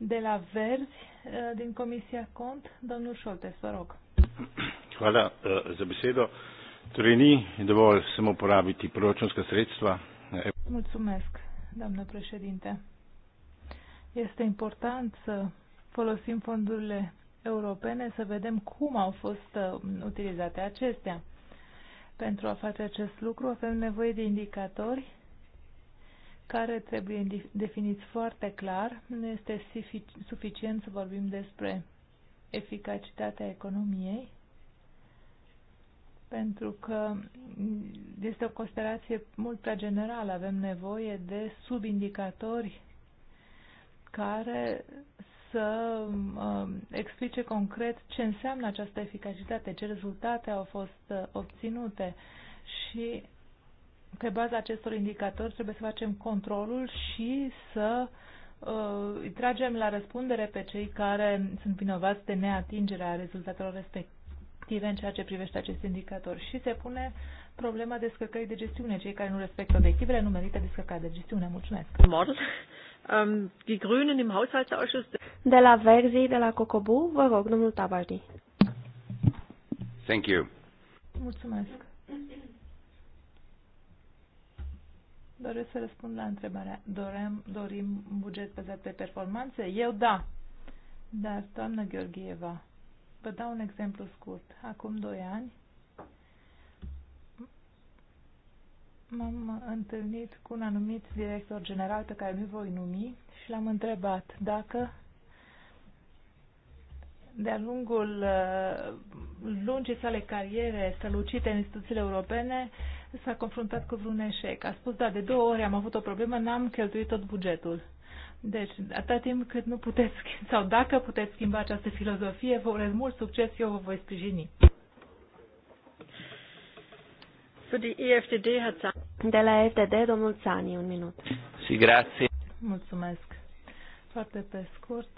de la Verzi, eh, din Comisia Cont, domnul Șoltes, vă rog. Hvala eh, za besedo. Torej ni dovolj samo porabiti proračunska sredstva. Mulțumesc, doamnă președinte. Este important să folosim fondurile europene, să vedem cum au fost eh, utilizate acestea. Pentru a face acest lucru avem nevoie de indicatori care trebuie definiți foarte clar. Nu este suficient să vorbim despre eficacitatea economiei, pentru că este o considerație mult prea generală. Avem nevoie de subindicatori care să um, explice concret ce înseamnă această eficacitate, ce rezultate au fost uh, obținute și pe baza acestor indicatori trebuie să facem controlul și să uh, îi tragem la răspundere pe cei care sunt vinovați de neatingerea rezultatelor respective în ceea ce privește acest indicator. Și se pune problema descărcării de gestiune. Cei care nu respectă obiectivele nu merită descărcarea de gestiune. Mulțumesc! Um, de la Verzi, de la Cocobu, vă rog, domnul Tabardi. Thank you. Mulțumesc. Doresc să răspund la întrebarea. Dorem, dorim buget bazat pe performanțe? Eu da. Dar, doamnă Gheorgheva, vă dau un exemplu scurt. Acum doi ani m-am întâlnit cu un anumit director general pe care nu voi numi și l-am întrebat dacă de-a lungul uh, lungii sale cariere strălucite în instituțiile europene, uh, s-a confruntat cu vreun eșec. A spus, da, de două ori am avut o problemă, n-am cheltuit tot bugetul. Deci, atâta timp cât nu puteți, sau dacă puteți schimba această filozofie, vă urez mult succes, eu vă voi sprijini. De la FDD, domnul Țani, un minut. Și grație. Mulțumesc. Foarte pe scurt.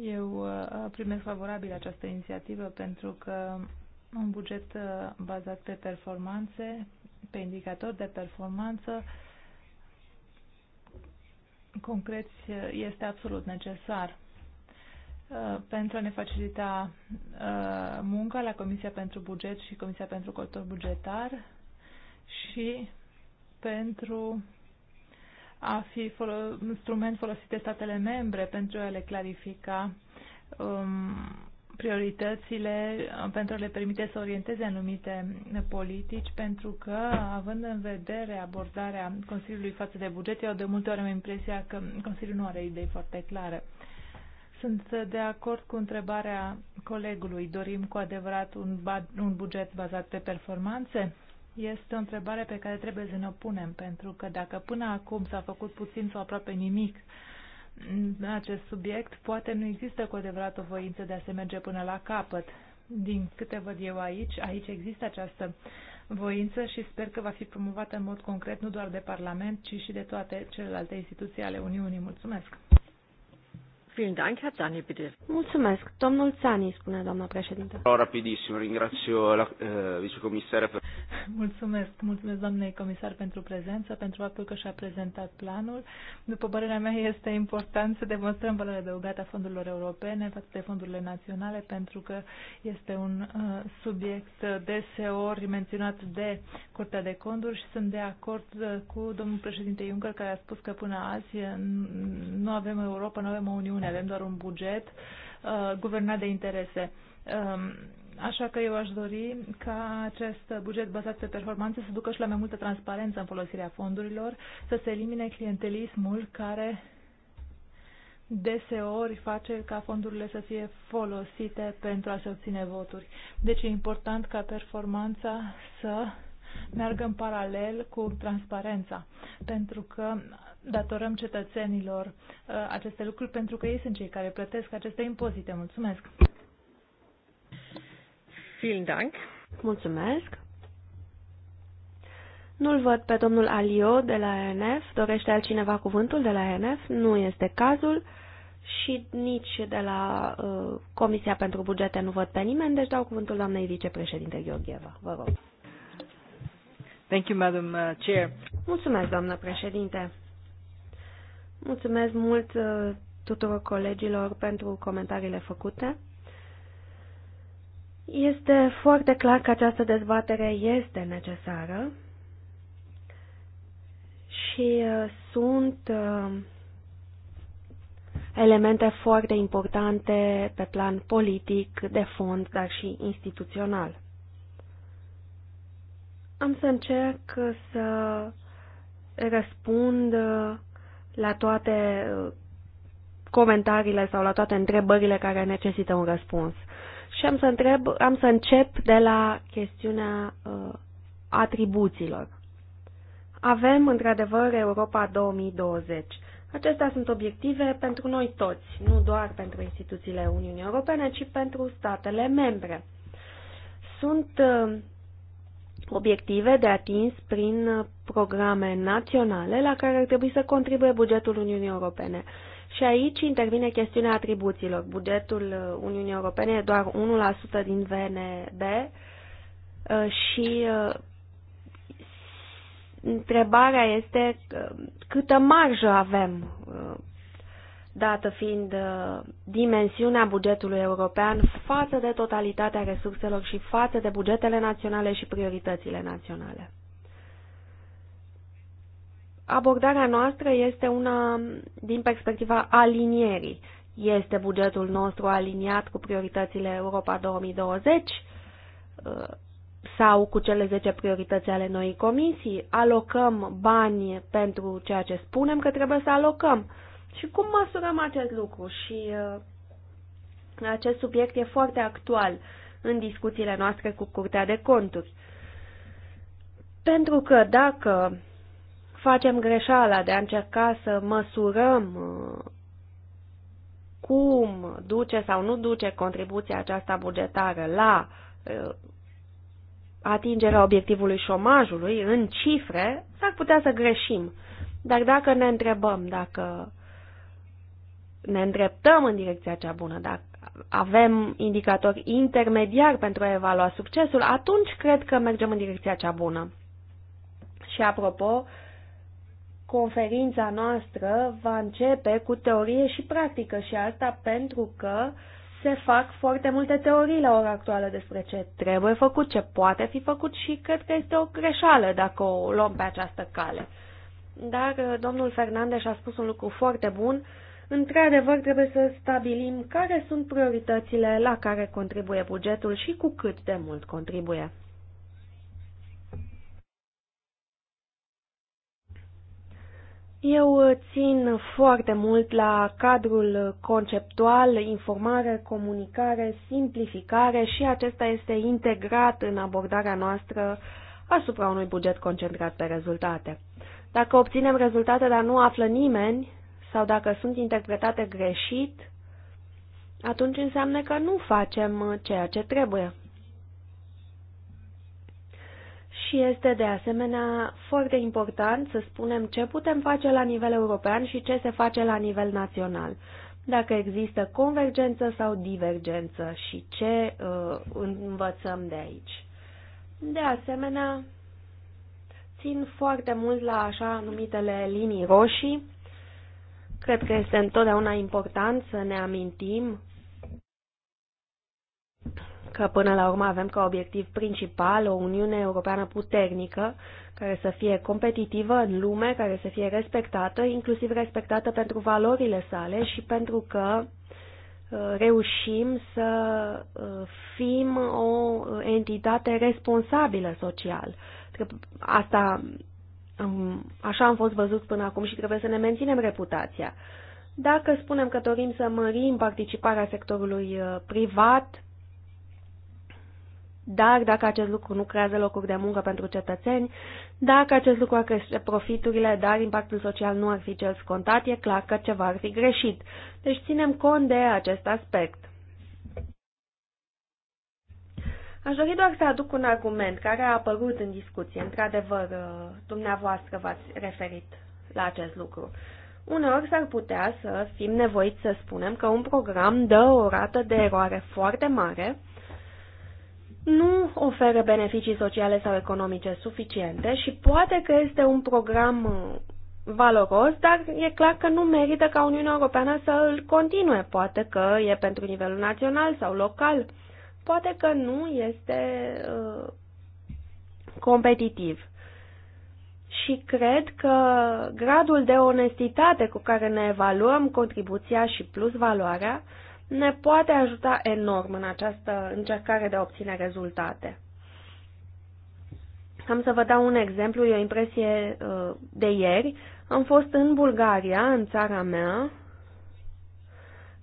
Eu uh, primesc favorabil această inițiativă pentru că un buget uh, bazat pe performanțe, pe indicatori de performanță concret uh, este absolut necesar uh, pentru a ne facilita munca la Comisia pentru Buget și Comisia pentru Control Bugetar și pentru a fi instrument folosit de statele membre pentru a le clarifica um, prioritățile uh, pentru a le permite să orienteze anumite politici, pentru că, având în vedere abordarea Consiliului față de buget, eu de multe ori am impresia că Consiliul nu are idei foarte clare. Sunt de acord cu întrebarea colegului. Dorim cu adevărat un, un buget bazat pe performanțe? Este o întrebare pe care trebuie să ne punem, pentru că dacă până acum s-a făcut puțin sau aproape nimic acest subiect, poate nu există cu adevărat o voință de a se merge până la capăt. Din câte văd eu aici, aici există această voință și sper că va fi promovată în mod concret nu doar de Parlament, ci și de toate celelalte instituții ale Uniunii. Mulțumesc! Mulțumesc. Domnul Țani, spune doamna președinte. Rapidissimo, ringrazio la uh, vicecomisară. Mulțumesc, mulțumesc doamnei comisar pentru prezență, pentru faptul că și-a prezentat planul. După părerea mea, este important să demonstrăm valoarea adăugată a fondurilor europene față de fondurile naționale, pentru că este un uh, subiect deseori menționat de Curtea de Conduri și sunt de acord eh, cu domnul președinte Juncker, care a spus că până azi nu avem Europa, nu avem o Uniune avem doar un buget uh, guvernat de interese. Um, Așa că eu aș dori ca acest buget bazat pe performanțe să ducă și la mai multă transparență în folosirea fondurilor, să se elimine clientelismul care deseori face ca fondurile să fie folosite pentru a se obține voturi. Deci e important ca performanța să meargă în paralel cu transparența, pentru că datorăm cetățenilor uh, aceste lucruri pentru că ei sunt cei care plătesc aceste impozite. Mulțumesc! Vielen Dank! Mulțumesc! Nu-l văd pe domnul Alio de la ENF. Dorește altcineva cuvântul de la ENF? Nu este cazul. Și nici de la uh, Comisia pentru Bugete nu văd pe nimeni, deci dau cuvântul doamnei vicepreședinte Gheorgheva. Vă rog. Thank you, Madam uh, Chair. Mulțumesc, doamnă președinte. Mulțumesc mult uh, tuturor colegilor pentru comentariile făcute. Este foarte clar că această dezbatere este necesară și uh, sunt uh, elemente foarte importante pe plan politic, de fond, dar și instituțional. Am să încerc să răspund la toate uh, comentariile sau la toate întrebările care necesită un răspuns. Și am să, întreb, am să încep de la chestiunea uh, atribuțiilor. Avem, într-adevăr, Europa 2020. Acestea sunt obiective pentru noi toți, nu doar pentru instituțiile Uniunii Europene, ci pentru statele membre. Sunt uh, obiective de atins prin programe naționale la care ar trebui să contribuie bugetul Uniunii Europene. Și aici intervine chestiunea atribuțiilor. Bugetul uh, Uniunii Europene e doar 1% din VNB uh, și uh, întrebarea este câtă marjă avem dată fiind uh, dimensiunea bugetului european față de totalitatea resurselor și față de bugetele naționale și prioritățile naționale. Abordarea noastră este una din perspectiva alinierii. Este bugetul nostru aliniat cu prioritățile Europa 2020 uh, sau cu cele 10 priorități ale noii comisii? Alocăm bani pentru ceea ce spunem că trebuie să alocăm și cum măsurăm acest lucru? Și uh, acest subiect e foarte actual în discuțiile noastre cu Curtea de Conturi. Pentru că dacă facem greșeala de a încerca să măsurăm uh, cum duce sau nu duce contribuția aceasta bugetară la uh, atingerea obiectivului șomajului în cifre, s-ar putea să greșim. Dar dacă ne întrebăm dacă ne îndreptăm în direcția cea bună, dacă avem indicatori intermediari pentru a evalua succesul, atunci cred că mergem în direcția cea bună. Și apropo, conferința noastră va începe cu teorie și practică și asta pentru că se fac foarte multe teorii la ora actuală despre ce trebuie făcut, ce poate fi făcut și cred că este o greșeală dacă o luăm pe această cale. Dar domnul Fernandez a spus un lucru foarte bun, uh, Într-adevăr, trebuie să stabilim care sunt prioritățile la care contribuie bugetul și cu cât de mult contribuie. Eu țin foarte mult la cadrul conceptual, informare, comunicare, simplificare și acesta este integrat în abordarea noastră asupra unui buget concentrat pe rezultate. Dacă obținem rezultate, dar nu află nimeni, sau dacă sunt interpretate greșit, atunci înseamnă că nu facem uh, ceea ce trebuie. Și este de asemenea foarte important să spunem ce putem face la nivel european și ce se face la nivel național. Dacă există convergență sau divergență și ce uh, învățăm de aici. De asemenea, țin foarte mult la așa numitele linii roșii, Cred că este întotdeauna important să ne amintim că până la urmă avem ca obiectiv principal o Uniune Europeană puternică, care să fie competitivă în lume, care să fie respectată, inclusiv respectată pentru valorile sale și pentru că uh, reușim să uh, fim o uh, entitate responsabilă social. Asta Așa am fost văzut până acum și trebuie să ne menținem reputația. Dacă spunem că dorim să mărim participarea sectorului uh, privat, dar dacă acest lucru nu creează locuri de muncă pentru cetățeni, dacă acest lucru ar crește profiturile, dar impactul social nu ar fi cel scontat, e clar că ceva ar fi greșit. Deci ținem cont de acest aspect. Aș dori doar să aduc un argument care a apărut în discuție. Într-adevăr, uh, dumneavoastră v-ați referit la acest lucru. Uneori s-ar putea să fim nevoiți să spunem că un program dă o rată de eroare foarte mare, nu oferă beneficii sociale sau economice suficiente și poate că este un program uh, valoros, dar e clar că nu merită ca Uniunea Europeană să îl continue. Poate că e pentru nivelul național sau local poate că nu este uh, competitiv. Și cred că gradul de onestitate cu care ne evaluăm contribuția și plus valoarea ne poate ajuta enorm în această încercare de a obține rezultate. Am să vă dau un exemplu, e o impresie uh, de ieri. Am fost în Bulgaria, în țara mea,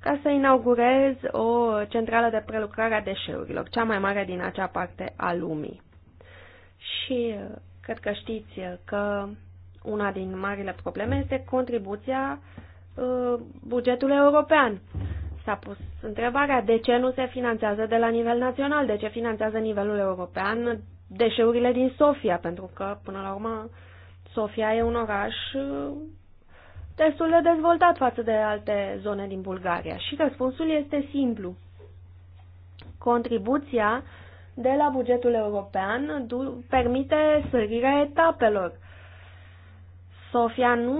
ca să inaugurez o centrală de prelucrare a deșeurilor, cea mai mare din acea parte a lumii. Și uh, cred că știți uh, că una din marile probleme este contribuția uh, bugetului european. S-a pus întrebarea de ce nu se finanțează de la nivel național, de ce finanțează nivelul european deșeurile din Sofia, pentru că, până la urmă, Sofia e un oraș destul de dezvoltat față de alte zone din Bulgaria. Și răspunsul este simplu. Contribuția de la bugetul european permite sărirea etapelor. Sofia nu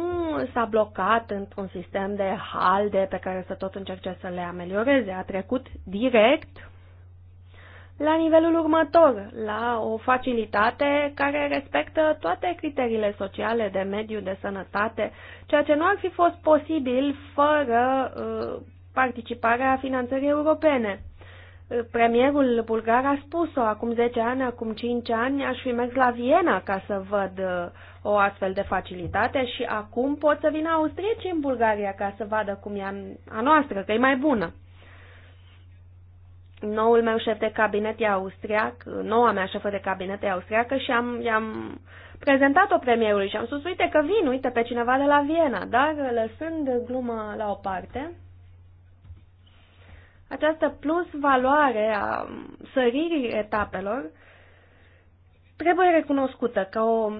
s-a blocat într-un sistem de halde pe care să tot încerce să le amelioreze. A trecut direct la nivelul următor, la o facilitate care respectă toate criteriile sociale, de mediu, de sănătate, ceea ce nu ar fi fost posibil fără uh, participarea finanțării europene. Uh, premierul bulgar a spus-o acum 10 ani, acum 5 ani, aș fi mers la Viena ca să văd uh, o astfel de facilitate și acum pot să vină austrieci în Bulgaria ca să vadă cum e a noastră, că e mai bună noul meu șef de cabinet e austriac, noua mea șefă de cabinet e austriacă și am, i-am prezentat-o premierului și am spus, uite că vin, uite pe cineva de la Viena, dar lăsând gluma la o parte, această plus valoare a săririi etapelor trebuie recunoscută ca o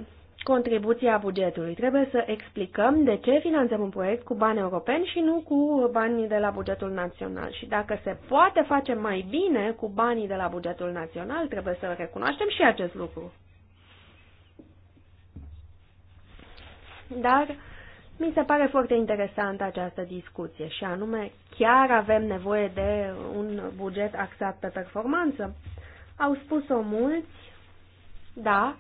contribuția bugetului. Trebuie să explicăm de ce finanțăm un proiect cu bani europeni și nu cu banii de la bugetul național. Și dacă se poate face mai bine cu banii de la bugetul național, trebuie să recunoaștem și acest lucru. Dar mi se pare foarte interesantă această discuție și anume chiar avem nevoie de un buget axat pe performanță. Au spus-o mulți, da,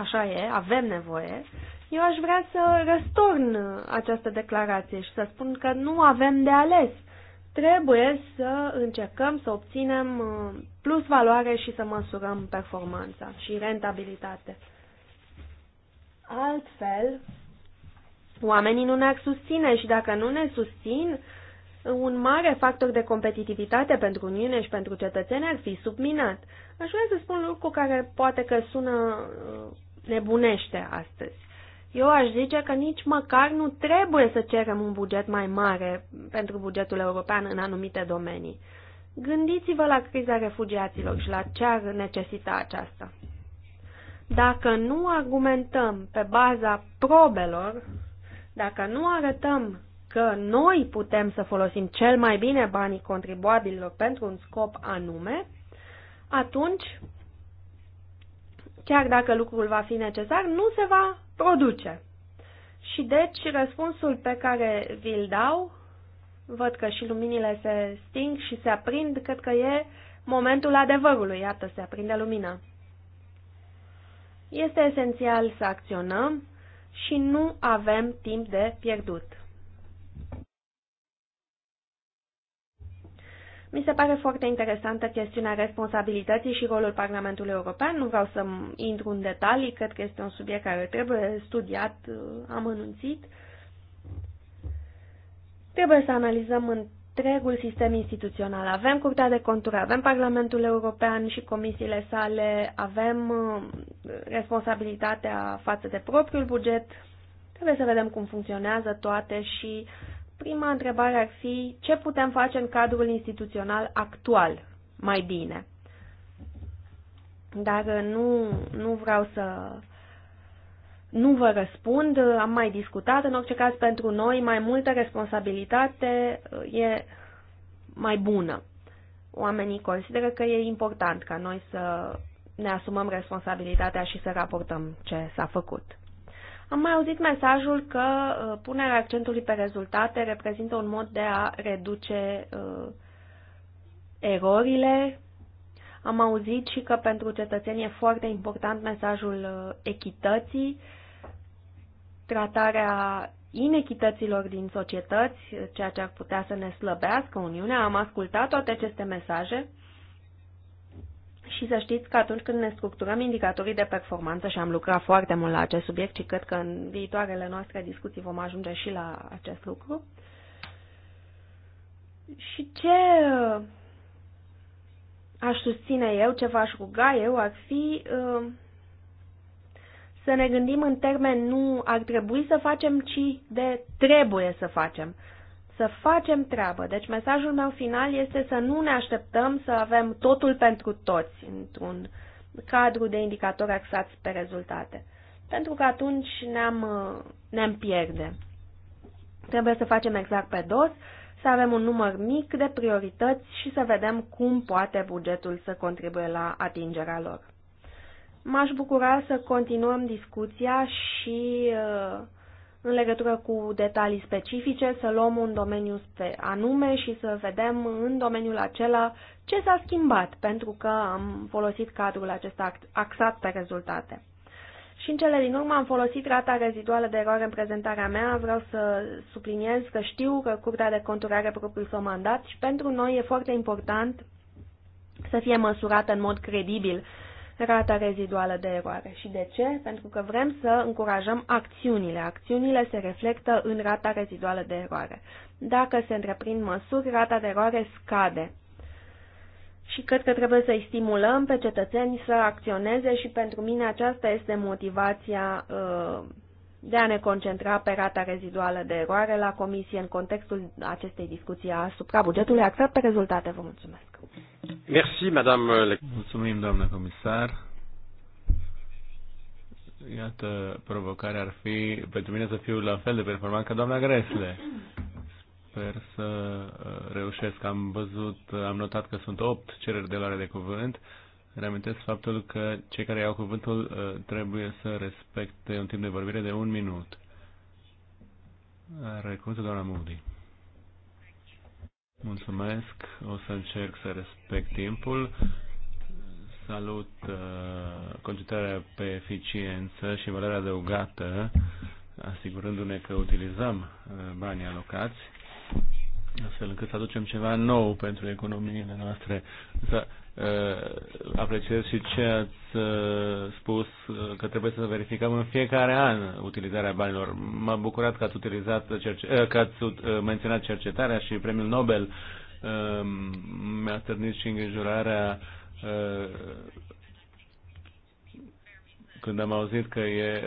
așa e, avem nevoie, eu aș vrea să răstorn această declarație și să spun că nu avem de ales. Trebuie să încercăm să obținem uh, plus valoare și să măsurăm performanța și rentabilitate. Altfel, oamenii nu ne-ar susține și dacă nu ne susțin, un mare factor de competitivitate pentru Uniune și pentru cetățeni ar fi subminat. Aș vrea să spun lucru care poate că sună uh, nebunește astăzi. Eu aș zice că nici măcar nu trebuie să cerem un buget mai mare pentru bugetul european în anumite domenii. Gândiți-vă la criza refugiaților și la ce ar necesita aceasta. Dacă nu argumentăm pe baza probelor, dacă nu arătăm că noi putem să folosim cel mai bine banii contribuabililor pentru un scop anume, atunci chiar dacă lucrul va fi necesar, nu se va produce. Și deci răspunsul pe care vi-l dau, văd că și luminile se sting și se aprind, cred că e momentul adevărului, iată, se aprinde lumina. Este esențial să acționăm și nu avem timp de pierdut. Mi se pare foarte interesantă chestiunea responsabilității și rolul Parlamentului European. Nu vreau să intru în detalii, cred că este un subiect care trebuie studiat uh, amănunțit. Trebuie să analizăm întregul sistem instituțional. Avem Curtea de Conturi, avem Parlamentul European și comisiile sale, avem uh, responsabilitatea față de propriul buget. Trebuie să vedem cum funcționează toate și uh, Prima întrebare ar fi ce putem face în cadrul instituțional actual mai bine. Dar nu, nu vreau să nu vă răspund, am mai discutat, în orice caz pentru noi mai multă responsabilitate uh, e mai bună. Oamenii consideră că e important ca noi să ne asumăm responsabilitatea și să raportăm ce s-a făcut. Am mai auzit mesajul că uh, punerea accentului pe rezultate reprezintă un mod de a reduce uh, erorile. Am auzit și că pentru cetățeni e foarte important mesajul uh, echității, tratarea inechităților din societăți, ceea ce ar putea să ne slăbească Uniunea. Am ascultat toate aceste mesaje și să știți că atunci când ne structurăm indicatorii de performanță și am lucrat foarte mult la acest subiect și cred că în viitoarele noastre discuții vom ajunge și la acest lucru. Și ce uh, aș susține eu, ce v-aș ruga eu, ar fi uh, să ne gândim în termen nu ar trebui să facem, ci de trebuie să facem să facem treabă. Deci mesajul meu final este să nu ne așteptăm să avem totul pentru toți într-un cadru de indicatori axați pe rezultate. Pentru că atunci ne-am, uh, ne-am pierde. Trebuie să facem exact pe dos, să avem un număr mic de priorități și să vedem cum poate bugetul să contribuie la atingerea lor. M-aș bucura să continuăm discuția și uh, în legătură cu detalii specifice, să luăm un domeniu anume și să vedem în domeniul acela ce s-a schimbat, pentru că am folosit cadrul acesta axat pe rezultate. Și în cele din urmă am folosit rata reziduală de eroare în prezentarea mea. Vreau să subliniez că știu că Curtea de Conturi are propriul său mandat și pentru noi e foarte important să fie măsurată în mod credibil rata reziduală de eroare. Și de ce? Pentru că vrem să încurajăm acțiunile. Acțiunile se reflectă în rata reziduală de eroare. Dacă se întreprind măsuri, rata de eroare scade. Și cred că trebuie să-i stimulăm pe cetățeni să acționeze și pentru mine aceasta este motivația uh, de a ne concentra pe rata reziduală de eroare la comisie în contextul acestei discuții asupra bugetului accept pe rezultate. Vă mulțumesc. Merci, madame. Mulțumim, doamnă comisar. Iată, provocarea ar fi pentru mine să fiu la fel de performant ca doamna Gresle. Sper să uh, reușesc. Am văzut, am notat că sunt opt cereri de luare de cuvânt reamintesc faptul că cei care iau cuvântul uh, trebuie să respecte un timp de vorbire de un minut. Are cuvântul doamna Moody. Mulțumesc, o să încerc să respect timpul. Salut uh, concentrarea pe eficiență și valoarea adăugată, asigurându-ne că utilizăm uh, banii alocați, astfel încât să aducem ceva nou pentru economiile noastre. Însă Eh, apreciez și ce ați eh, spus eh, că trebuie să verificăm în fiecare an utilizarea banilor. M-a bucurat că ați, utilizat, că ați menționat cercetarea și premiul Nobel mi-a stârnit și îngrijorarea când am auzit că e,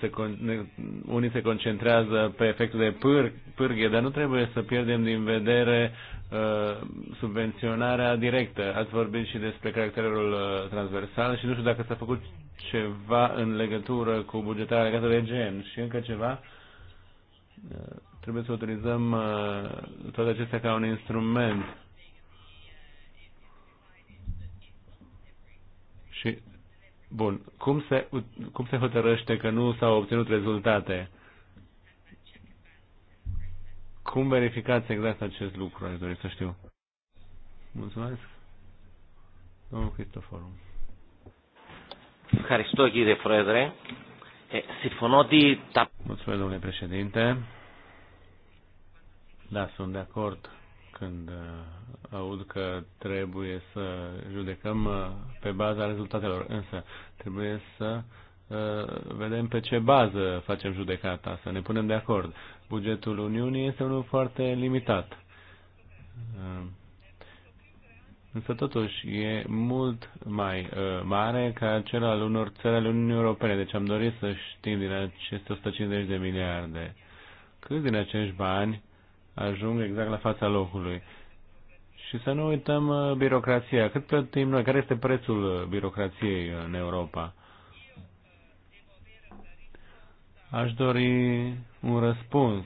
se, unii se concentrează pe efectul de pâr, pârghie, dar nu trebuie să pierdem din vedere uh, subvenționarea directă. Ați vorbit și despre caracterul uh, transversal și nu știu dacă s-a făcut ceva în legătură cu bugetarea legată de gen și încă ceva. Uh, trebuie să utilizăm uh, toate acestea ca un instrument Bun, cum se, cum se hotărăște că nu s-au obținut rezultate? Cum verificați exact acest lucru, aș dori să știu. Mulțumesc. Domnul Cristoforu. Ευχαριστώ κύριε Πρόεδρε. Mulțumesc, domnule președinte. Da, sunt de acord când uh, aud că trebuie să judecăm uh, pe baza rezultatelor, însă trebuie să uh, vedem pe ce bază facem judecata, să ne punem de acord. Bugetul Uniunii este unul foarte limitat. Însă totuși e mult mai mare ca cel al unor țări ale Uniunii Europene. Deci am dorit să știm din aceste 150 de miliarde câți din acești bani ajung exact la fața locului. Și să nu uităm uh, birocrația. Cât plătim noi? Care este prețul uh, birocrației în Europa? Aș dori un răspuns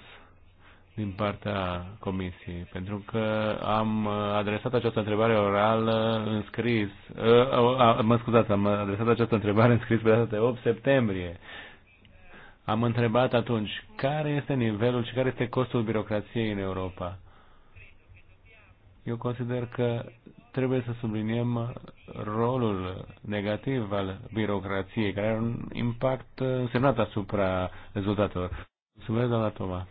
din partea Comisiei, pentru că am uh, adresat această întrebare orală în scris, mă scuzați, am adresat această întrebare în scris pe data de 8 septembrie am întrebat atunci care este nivelul și care este costul birocrației în Europa. Eu consider că trebuie să subliniem rolul negativ al birocrației, care are un impact însemnat asupra rezultatelor. Mulțumesc, doamna Toma.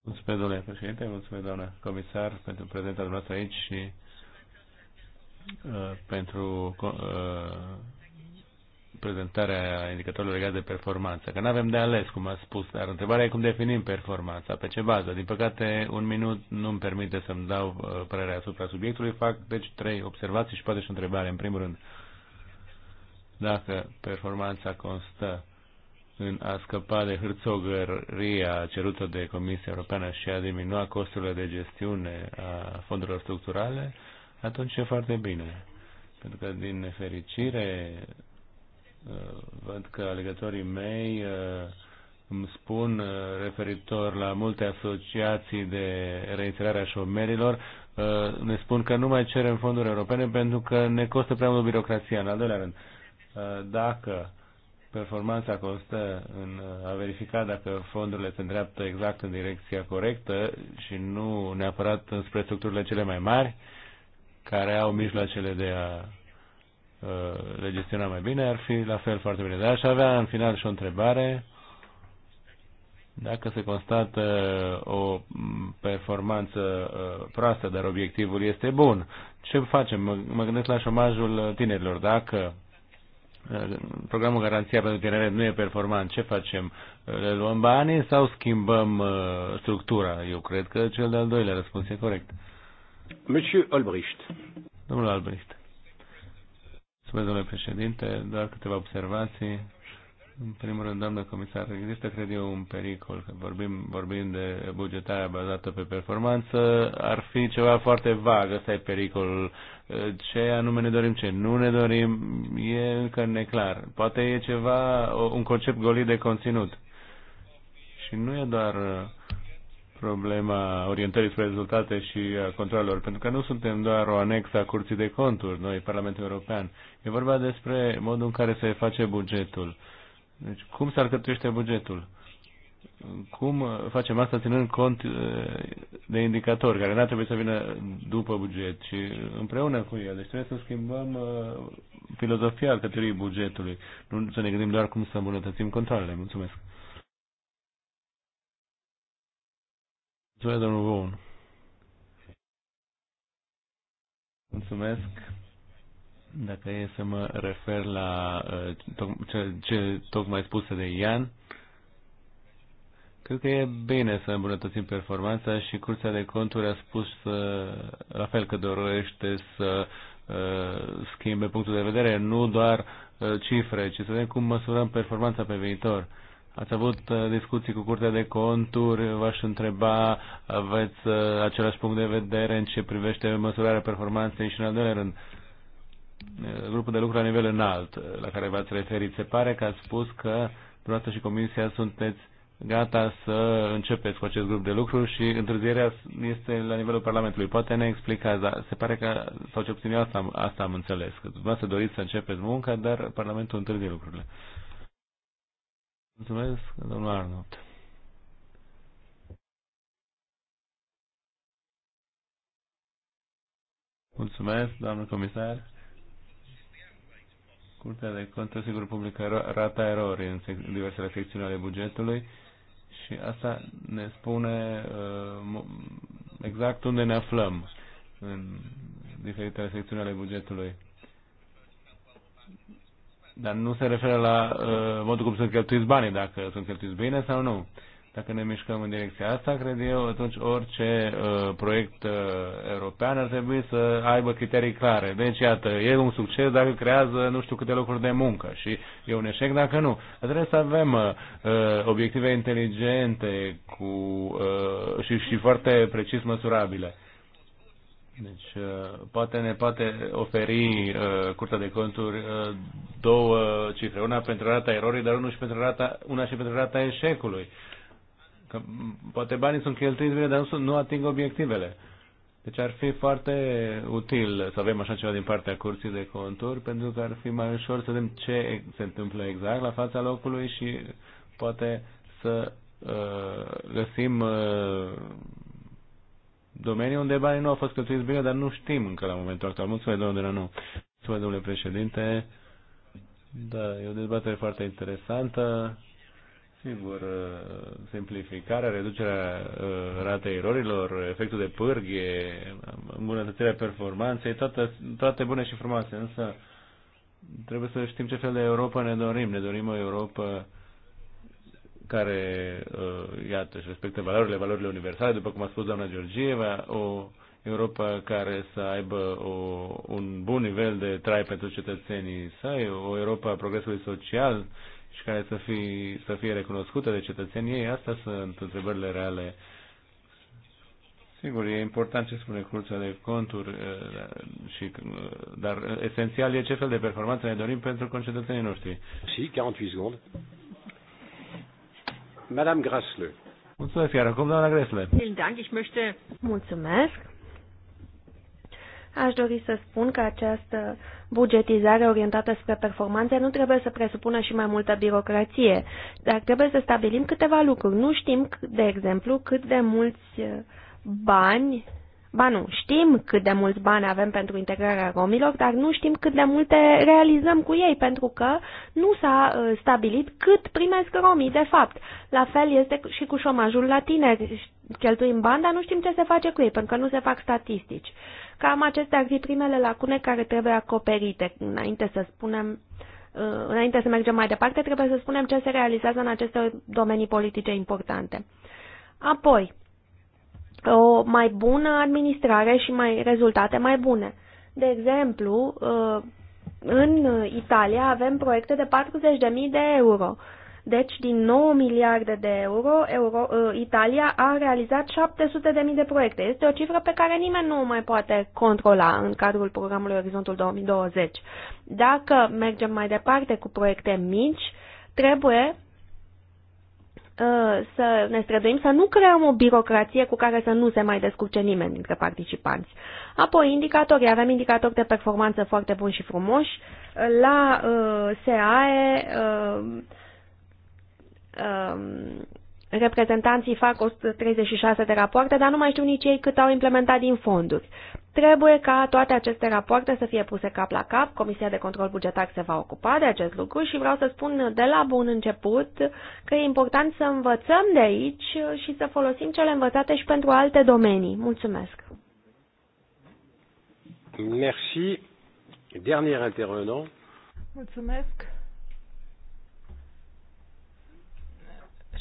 Mulțumesc, domnule președinte, mulțumesc, doamna comisar, pentru prezența dumneavoastră aici și Uh, pentru uh, prezentarea indicatorilor legate de performanță, că nu avem de ales, cum a spus, dar întrebarea e cum definim performanța, pe ce bază. Din păcate, un minut nu îmi permite să-mi dau uh, părerea asupra subiectului, fac deci trei observații și poate și o întrebare. În primul rând, dacă performanța constă în a scăpa de hârțogăria cerută de Comisia Europeană și a diminua costurile de gestiune a fondurilor structurale, atunci e foarte bine. Pentru că, din nefericire, uh, văd că alegătorii mei uh, îmi spun uh, referitor la multe asociații de reinserare a șomerilor, ne spun că nu mai cerem fonduri europene pentru că ne costă prea mult birocrația. În al doilea rând, dacă performanța costă în a verifica dacă fondurile se îndreaptă exact în direcția corectă și nu neapărat spre structurile cele mai mari, care au mijloacele de a uh, le gestiona mai bine, ar fi la fel foarte bine. Dar aș avea în final și o întrebare. Dacă se constată uh, o performanță uh, proastă, dar obiectivul este bun, ce facem? Mă, gândesc la șomajul tinerilor. Dacă programul Garanția pentru Tineret nu e performant, ce facem? Le luăm banii sau schimbăm structura? Eu cred că cel de-al doilea răspuns e corect. Monsieur Albrecht. Domnul Albrecht. Mulțumesc, domnule președinte. Doar câteva observații. În primul rând, doamnă comisar, există, cred eu, un pericol. Că vorbim, vorbim de bugetarea bazată pe performanță, ar fi ceva foarte vag, ăsta e pericolul. Ce anume ne dorim, ce nu ne dorim, e încă neclar. Poate e ceva, un concept golit de conținut. Și nu e doar problema orientării spre rezultate și a controlelor, pentru că nu suntem doar o anexă a Curții de Conturi, noi, Parlamentul European. E vorba despre modul în care se face bugetul. Deci, cum se alcătuiește bugetul? Cum facem asta ținând cont de indicatori, care n-ar trebui să vină după buget, ci împreună cu el. Deci trebuie să schimbăm filozofia alcătuirii bugetului. Nu să ne gândim doar cum să îmbunătățim controlele. Mulțumesc! Mulțumesc, domnul Vaughan. Mulțumesc. Dacă e să mă refer la uh, ce, ce tocmai spuse de Ian, cred că e bine să îmbunătățim performanța și Curtea de Conturi a spus să, uh, la fel că dorește să uh, schimbe punctul de vedere, nu doar cifre, ci să vedem cum măsurăm performanța pe viitor. Ați avut uh, discuții cu Curtea de Conturi, v-aș întreba, aveți uh, același punct de vedere în ce privește măsurarea performanței și în al doilea rând, uh, grupul de lucru la nivel înalt la care v-ați referit. Se pare că ați spus că dumneavoastră și Comisia sunteți gata să începeți cu acest grup de lucru și întârzierea este la nivelul Parlamentului. Poate ne explicați, dar se pare că, sau ce puțin eu asta, asta am înțeles, că dumneavoastră doriți să începeți munca, dar Parlamentul întârzie lucrurile. Uh, Mulțumesc, domnul Arnold. Mulțumesc, doamnă comisar. Curtea de conturi, sigur, publică rata erorii în diversele secțiuni ale bugetului și asta ne spune uh, exact unde ne aflăm în diferitele secțiuni ale bugetului dar nu se referă la uh, modul cum sunt cheltuiți banii, dacă sunt cheltuiți bine sau nu. Dacă ne mișcăm în direcția asta, cred eu, atunci orice uh, proiect uh, european ar trebui să aibă criterii clare. Deci, iată, e un succes dacă creează nu știu câte locuri de muncă și e un eșec dacă nu. Dar trebuie să avem uh, uh obiective inteligente cu, uh, și, și foarte precis măsurabile. Deci, uh, poate ne poate oferi uh, Curtea de Conturi uh, două cifre, una pentru rata erorii, dar una și pentru rata, una și pentru rata eșecului. Că poate banii sunt cheltuiți bine, dar nu, nu ating obiectivele. Deci ar fi foarte util să avem așa ceva din partea Curții de Conturi, pentru că ar fi mai ușor să vedem ce se întâmplă exact la fața locului și poate să uh, găsim uh, domenii unde banii nu au fost cheltuiți bine, dar nu știm încă la momentul actual. Mulțumesc, domnule Renu. Mulțumesc, domnule președinte. Da, e o dezbatere foarte interesantă. Sigur, uh, simplificarea, reducerea uh, ratei erorilor, efectul de pârghie, îmbunătățirea performanței, toate, toate bune și frumoase, însă trebuie să știm ce fel de Europa ne dorim. Ne dorim o Europa care, uh, iată, își respectă valorile, valorile universale, după cum a spus doamna Georgieva, o Europa care să aibă o, un bun nivel de trai pentru cetățenii săi, o Europa a progresului social și care să, fi, să fie recunoscută de cetățenii ei. Astea sunt întrebările reale. Sigur, e important ce spune Curța de Conturi, uh, și, uh, dar esențial e ce fel de performanță ne dorim pentru concetățenii noștri. Și 48 secunde. Madame Grasle. Mulțumesc, iar acum doamna Grasle. Mulțumesc. Aș dori să spun că această bugetizare orientată spre performanțe nu trebuie să presupună și mai multă birocrație, dar trebuie să stabilim câteva lucruri. Nu știm, de exemplu, cât de mulți bani Ba nu, știm cât de mulți bani avem pentru integrarea romilor, dar nu știm cât de multe realizăm cu ei, pentru că nu s-a uh, stabilit cât primesc romii, de fapt. La fel este și cu șomajul la tineri. Cheltuim bani, dar nu știm ce se face cu ei, pentru că nu se fac statistici. Cam acestea ar fi primele lacune care trebuie acoperite, înainte să spunem uh, înainte să mergem mai departe, trebuie să spunem ce se realizează în aceste domenii politice importante. Apoi, o mai bună administrare și mai rezultate mai bune. De exemplu, uh, în Italia avem proiecte de 40.000 de euro. Deci, din 9 miliarde de euro, euro uh, Italia a realizat 700.000 de proiecte. Este o cifră pe care nimeni nu o mai poate controla în cadrul programului Orizontul 2020. Dacă mergem mai departe cu proiecte mici, trebuie Uh, să ne străduim să nu creăm o birocrație cu care să nu se mai descurce nimeni dintre participanți. Apoi, indicatorii Avem indicatori de performanță foarte buni și frumoși. Uh, la uh, SAE uh, uh, reprezentanții fac 136 de rapoarte, dar nu mai știu nici ei cât au implementat din fonduri. Trebuie ca toate aceste rapoarte să fie puse cap la cap, Comisia de Control Bugetar se va ocupa de acest lucru și vreau să spun de la bun început că e important să învățăm de aici și să folosim cele învățate și pentru alte domenii. Mulțumesc! Merci. Dernier intervenant. Mulțumesc.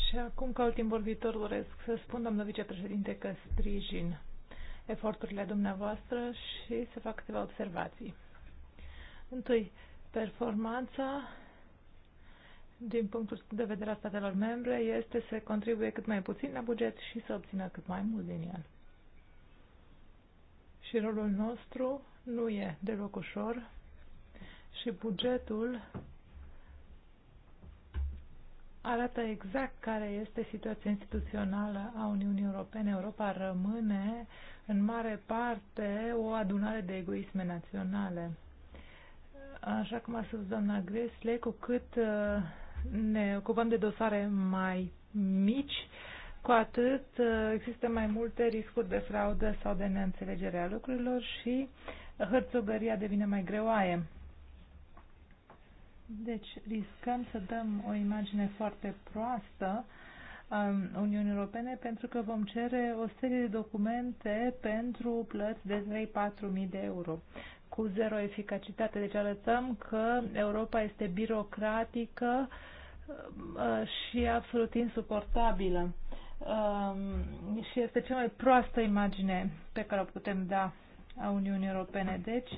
Și acum, ca ultim vorbitor, doresc să spun, doamnă vicepreședinte, că sprijin eforturile dumneavoastră și să fac câteva observații. Întâi, performanța din punctul de vedere a statelor membre este să contribuie cât mai puțin la buget și să obțină cât mai mult din el. Și rolul nostru nu e deloc ușor și bugetul arată exact care este situația instituțională a Uniunii Europene. Europa rămâne în mare parte o adunare de egoisme naționale. Așa cum a spus doamna Gresle, cu cât uh, ne ocupăm de dosare mai mici, cu atât uh, există mai multe riscuri de fraudă sau de neînțelegere a lucrurilor și hărțogăria devine mai greoaie. Deci riscăm să dăm o imagine foarte proastă a um, Uniunii Europene pentru că vom cere o serie de documente pentru plăți de 3 4000 de euro cu zero eficacitate. Deci arătăm că Europa este birocratică uh, și absolut insuportabilă. Um, și este cea mai proastă imagine pe care o putem da a Uniunii Europene. Deci,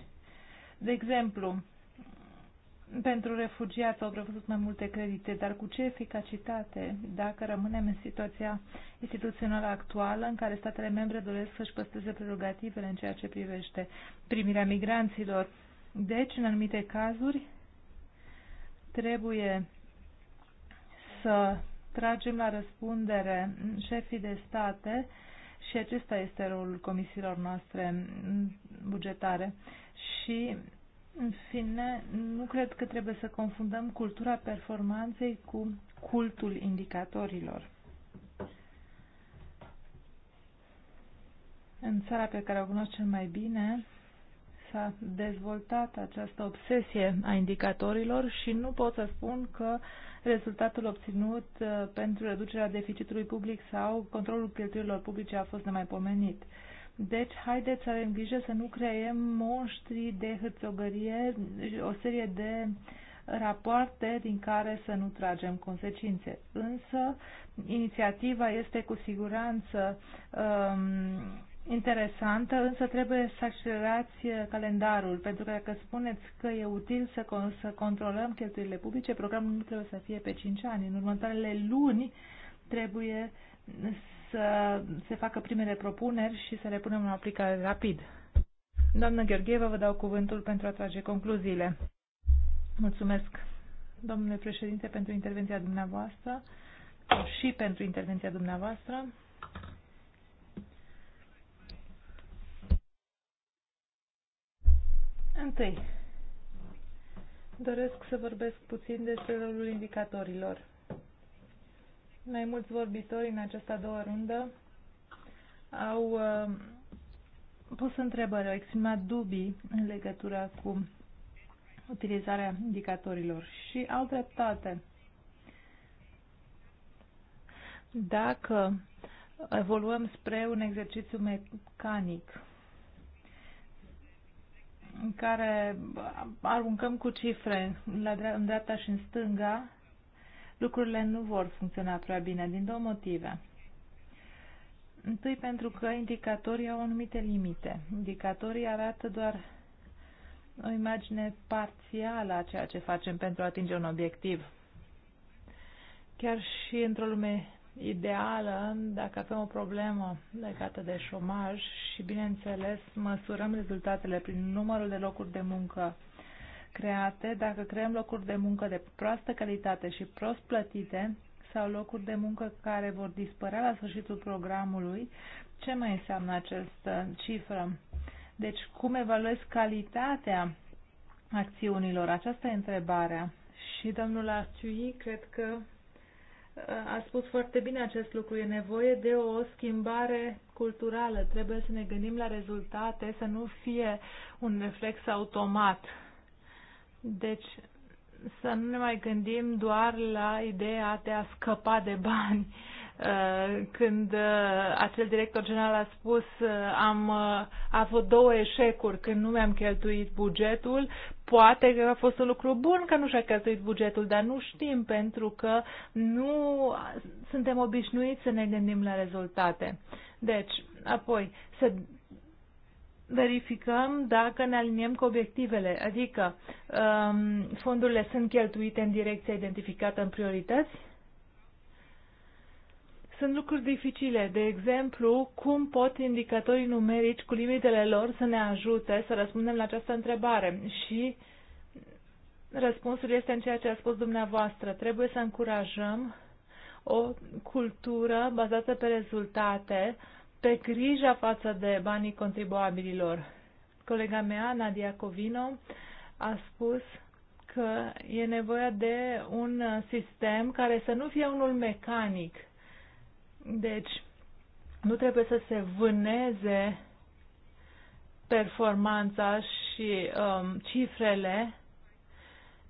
de exemplu, pentru refugiați au prevăzut mai multe credite, dar cu ce eficacitate dacă rămânem în situația instituțională actuală în care statele membre doresc să-și păstreze prerogativele în ceea ce privește primirea migranților? Deci, în anumite cazuri, trebuie să tragem la răspundere șefii de state și acesta este rolul comisiilor noastre bugetare. Și în fine, nu cred că trebuie să confundăm cultura performanței cu cultul indicatorilor. În țara pe care o cunosc cel mai bine, s-a dezvoltat această obsesie a indicatorilor și nu pot să spun că rezultatul obținut uh, pentru reducerea deficitului public sau controlul cheltuielilor publice a fost nemaipomenit. pomenit deci, haideți să avem grijă să nu creăm monștri de hârțogărie, o serie de rapoarte din care să nu tragem consecințe. Însă, inițiativa este cu siguranță um, interesantă, însă trebuie să accelerați calendarul, pentru că dacă spuneți că e util să, con- să controlăm cheltuielile publice, programul nu trebuie să fie pe 5 ani. În următoarele luni trebuie să se facă primele propuneri și să le punem în aplicare rapid. Doamnă Gheorgheva, vă dau cuvântul pentru a trage concluziile. Mulțumesc, domnule președinte, pentru intervenția dumneavoastră și pentru intervenția dumneavoastră. Întâi, doresc să vorbesc puțin despre rolul indicatorilor. Mai mulți vorbitori în această a doua rundă au uh, pus întrebări, au exprimat dubii în legătură cu utilizarea indicatorilor și au dreptate. Dacă evoluăm spre un exercițiu mecanic în care aruncăm cu cifre la în dreapta și în stânga, lucrurile nu vor funcționa prea bine din două motive. Întâi pentru că indicatorii au anumite limite. Indicatorii arată doar o imagine parțială a ceea ce facem pentru a atinge un obiectiv. Chiar și într-o lume ideală, dacă avem o problemă legată de șomaj și, bineînțeles, măsurăm rezultatele prin numărul de locuri de muncă create dacă creăm locuri de muncă de proastă calitate și prost plătite sau locuri de muncă care vor dispărea la sfârșitul programului. Ce mai înseamnă această cifră? Deci, cum evaluez calitatea acțiunilor? Aceasta e întrebarea. Și domnul Arciui, cred că uh, a spus foarte bine acest lucru. E nevoie de o schimbare culturală. Trebuie să ne gândim la rezultate, să nu fie un reflex automat deci să nu ne mai gândim doar la ideea de a scăpa de bani. Uh, când uh, acel director general a spus uh, am avut două eșecuri când nu mi-am cheltuit bugetul, poate că a fost un lucru bun că nu și-a cheltuit bugetul, dar nu știm pentru că nu suntem obișnuiți să ne gândim la rezultate. Deci, apoi, să verificăm dacă ne aliniem cu obiectivele, adică um, fondurile sunt cheltuite în direcția identificată în priorități. Sunt lucruri dificile, de exemplu, cum pot indicatorii numerici cu limitele lor să ne ajute să răspundem la această întrebare și răspunsul este în ceea ce a spus dumneavoastră. Trebuie să încurajăm o cultură bazată pe rezultate, pe grija față de banii contribuabililor. Colega mea, Nadia Covino, a spus că e nevoie de un sistem care să nu fie unul mecanic. Deci, nu trebuie să se vâneze performanța și um, cifrele.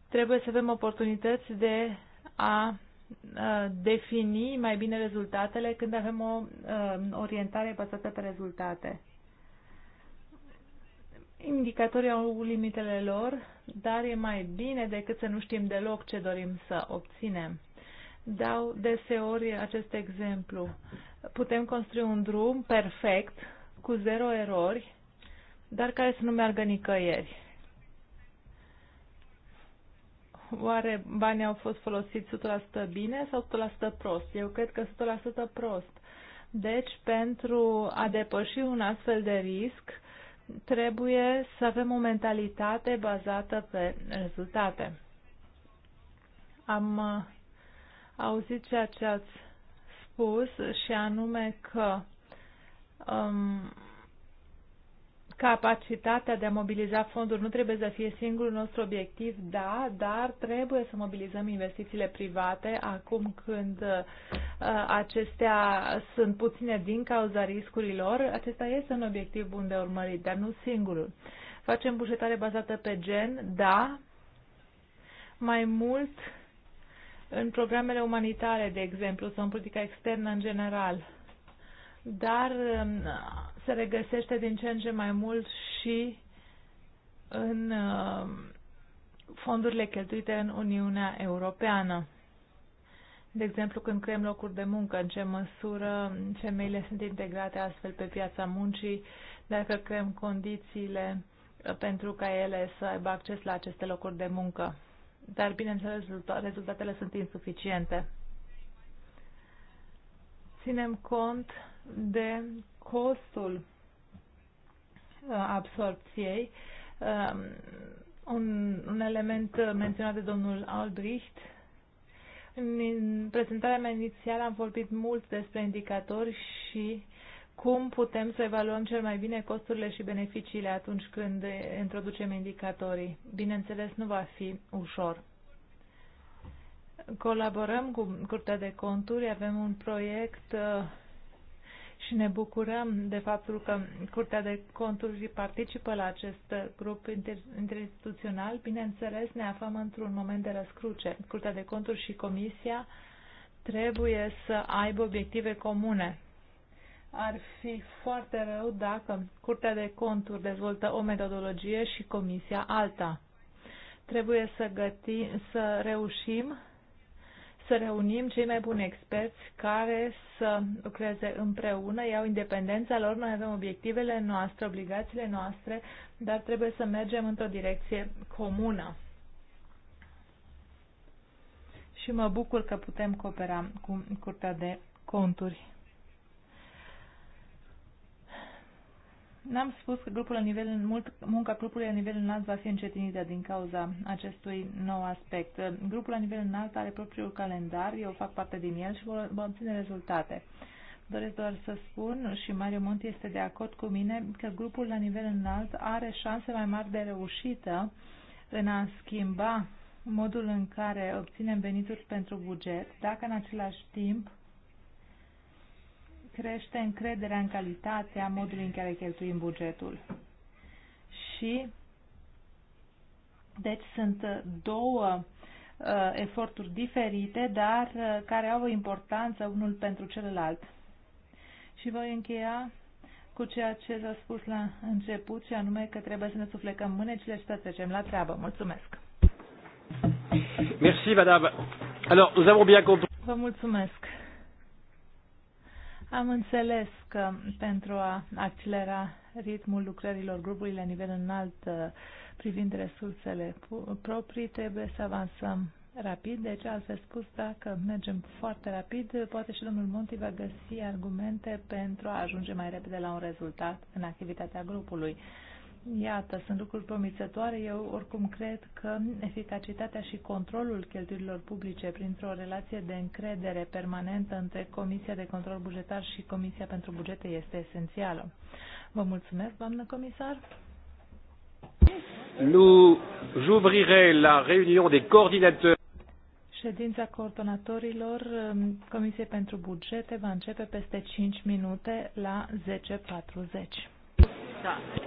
Trebuie să avem oportunități de a Uh, defini mai bine rezultatele când avem o uh, orientare bazată pe rezultate. Indicatorii au limitele lor, dar e mai bine decât să nu știm deloc ce dorim să obținem. Dau deseori acest exemplu. Putem construi un drum perfect, cu zero erori, dar care să nu meargă nicăieri oare banii au fost folosiți 100% bine sau 100% prost? Eu cred că 100% prost. Deci, pentru a depăși un astfel de risc, trebuie să avem o mentalitate bazată pe rezultate. Am uh, auzit ceea ce ați spus și anume că um, capacitatea de a mobiliza fonduri nu trebuie să fie singurul nostru obiectiv, da, dar trebuie să mobilizăm investițiile private acum când uh, acestea sunt puține din cauza riscurilor. Acesta este un obiectiv bun de urmărit, dar nu singurul. Facem bugetare bazată pe gen, da, mai mult în programele umanitare, de exemplu, sau în politica externă în general. Dar um, se regăsește din ce în ce mai mult și în uh, fondurile cheltuite în Uniunea Europeană. De exemplu, când creăm locuri de muncă, în ce măsură femeile sunt integrate astfel pe piața muncii, dacă creăm condițiile uh, pentru ca ele să aibă acces la aceste locuri de muncă. Dar, bineînțeles, rezultatele sunt insuficiente. Ținem cont de costul uh, absorpției, um, un, un element menționat de domnul Albrecht. În prezentarea mea inițială am vorbit mult despre indicatori și cum putem să evaluăm cel mai bine costurile și beneficiile atunci când introducem indicatorii. Bineînțeles, nu va fi ușor. Colaborăm cu Curtea de Conturi, avem un proiect uh, și ne bucurăm de faptul că Curtea de Conturi participă la acest grup interinstituțional. Bineînțeles, ne aflăm într-un moment de răscruce. Curtea de Conturi și Comisia trebuie să aibă obiective comune. Ar fi foarte rău dacă Curtea de Conturi dezvoltă o metodologie și Comisia alta. Trebuie să, găti, să reușim să reunim cei mai buni experți care să lucreze împreună, iau independența lor, noi avem obiectivele noastre, obligațiile noastre, dar trebuie să mergem într-o direcție comună. Și mă bucur că putem coopera cu Curtea de Conturi. N-am spus că grupul la nivel mult, munca grupului la nivel înalt va fi încetinită din cauza acestui nou aspect. Grupul la nivel înalt are propriul calendar, eu fac parte din el și vom obține rezultate. Doresc doar să spun și Mario Monti este de acord cu mine că grupul la nivel înalt are șanse mai mari de reușită în a schimba modul în care obținem venituri pentru buget, dacă în același timp crește încrederea în calitatea modului în care cheltuim bugetul. Și, deci, sunt două uh, eforturi diferite, dar uh, care au o importanță unul pentru celălalt. Și voi încheia cu ceea ce s-a spus la început, și anume că trebuie să ne suflecăm mânecile și să trecem la treabă. Mulțumesc! Merci, madame. Alors, nous avons bien compris. Vă mulțumesc. Am înțeles că pentru a accelera ritmul lucrărilor grupului la nivel înalt uh, privind resursele proprii trebuie să avansăm rapid, deci altfel spus, dacă mergem foarte rapid, poate și domnul Monti va găsi argumente pentru a ajunge mai repede la un rezultat în activitatea grupului. Iată, sunt lucruri promițătoare. Eu oricum cred că eficacitatea și controlul cheltuielilor publice printr-o relație de încredere permanentă între Comisia de Control Bugetar și Comisia pentru Bugete este esențială. Vă mulțumesc, doamnă comisar. la réunion des coordinateurs. Ședința coordonatorilor um, Comisiei pentru Bugete va începe peste 5 minute la 10.40. Da.